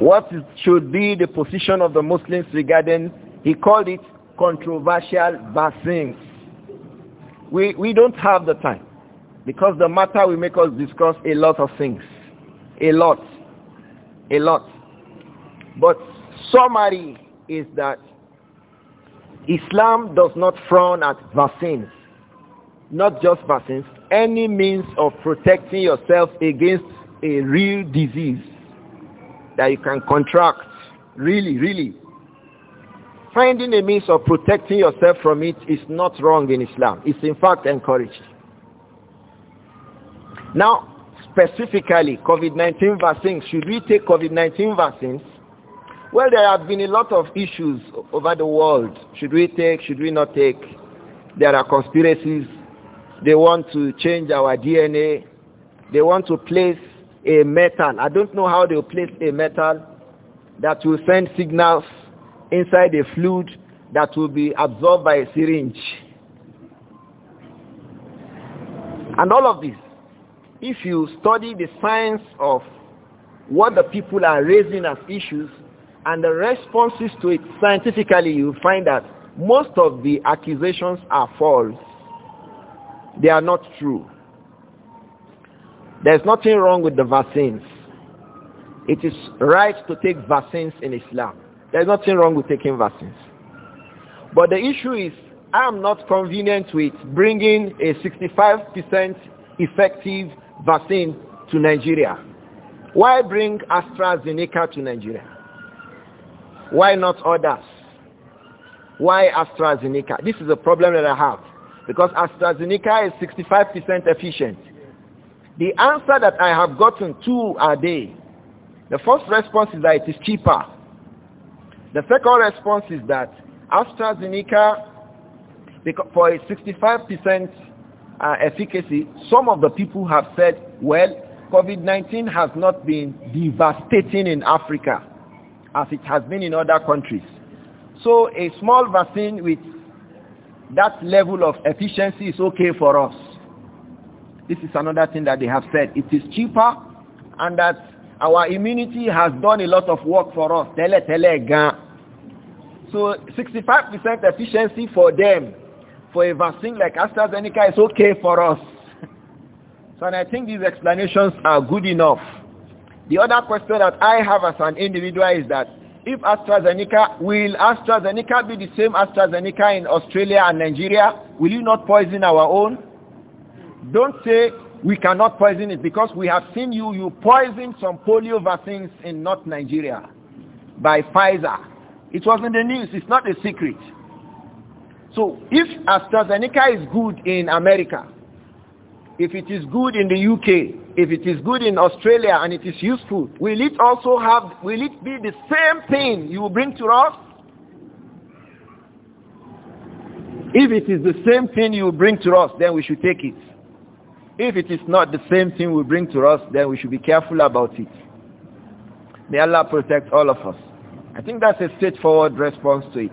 What is, should be the position of the Muslims regarding, he called it controversial basins. We, we don't have the time because the matter will make us discuss a lot of things. A lot. A lot. But summary is that Islam does not frown at vaccines. Not just vaccines. Any means of protecting yourself against a real disease that you can contract. Really, really finding a means of protecting yourself from it is not wrong in Islam. It's in fact encouraged. Now, specifically, COVID-19 vaccines. Should we take COVID-19 vaccines? Well, there have been a lot of issues over the world. Should we take, should we not take? There are conspiracies. They want to change our DNA. They want to place a metal. I don't know how they will place a metal that will send signals inside a fluid that will be absorbed by a syringe. And all of this, if you study the science of what the people are raising as issues and the responses to it scientifically, you find that most of the accusations are false. They are not true. There's nothing wrong with the vaccines. It is right to take vaccines in Islam. There's nothing wrong with taking vaccines. But the issue is I'm not convenient with bringing a 65% effective vaccine to Nigeria. Why bring AstraZeneca to Nigeria? Why not others? Why AstraZeneca? This is a problem that I have because AstraZeneca is 65% efficient. The answer that I have gotten two a day. The first response is that it is cheaper. The second response is that AstraZeneca, for a 65% uh, efficacy, some of the people have said, well, COVID-19 has not been devastating in Africa as it has been in other countries. So a small vaccine with that level of efficiency is okay for us. This is another thing that they have said. It is cheaper and that our immunity has done a lot of work for us. Tele tele gan. So 65% efficiency for them. For a vaccine like AstraZeneca is okay for us. so and I think these explanations are good enough. The other question that I have as an individual is that if AstraZeneca, will AstraZeneca be the same AstraZeneca in Australia and Nigeria? Will you not poison our own? Don't say we cannot poison it because we have seen you, you poisoned some polio vaccines in North Nigeria by Pfizer. It was in the news. It's not a secret. So if AstraZeneca is good in America, if it is good in the UK, if it is good in Australia and it is useful, will it also have, will it be the same thing you bring to us? If it is the same thing you bring to us, then we should take it. If it is not the same thing we bring to us, then we should be careful about it. May Allah protect all of us. I think that's a straightforward response to it.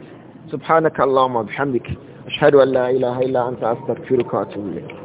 Subhanakallahumma bihamdik. Ashhadu an ilaha illa anta astaghfiruka wa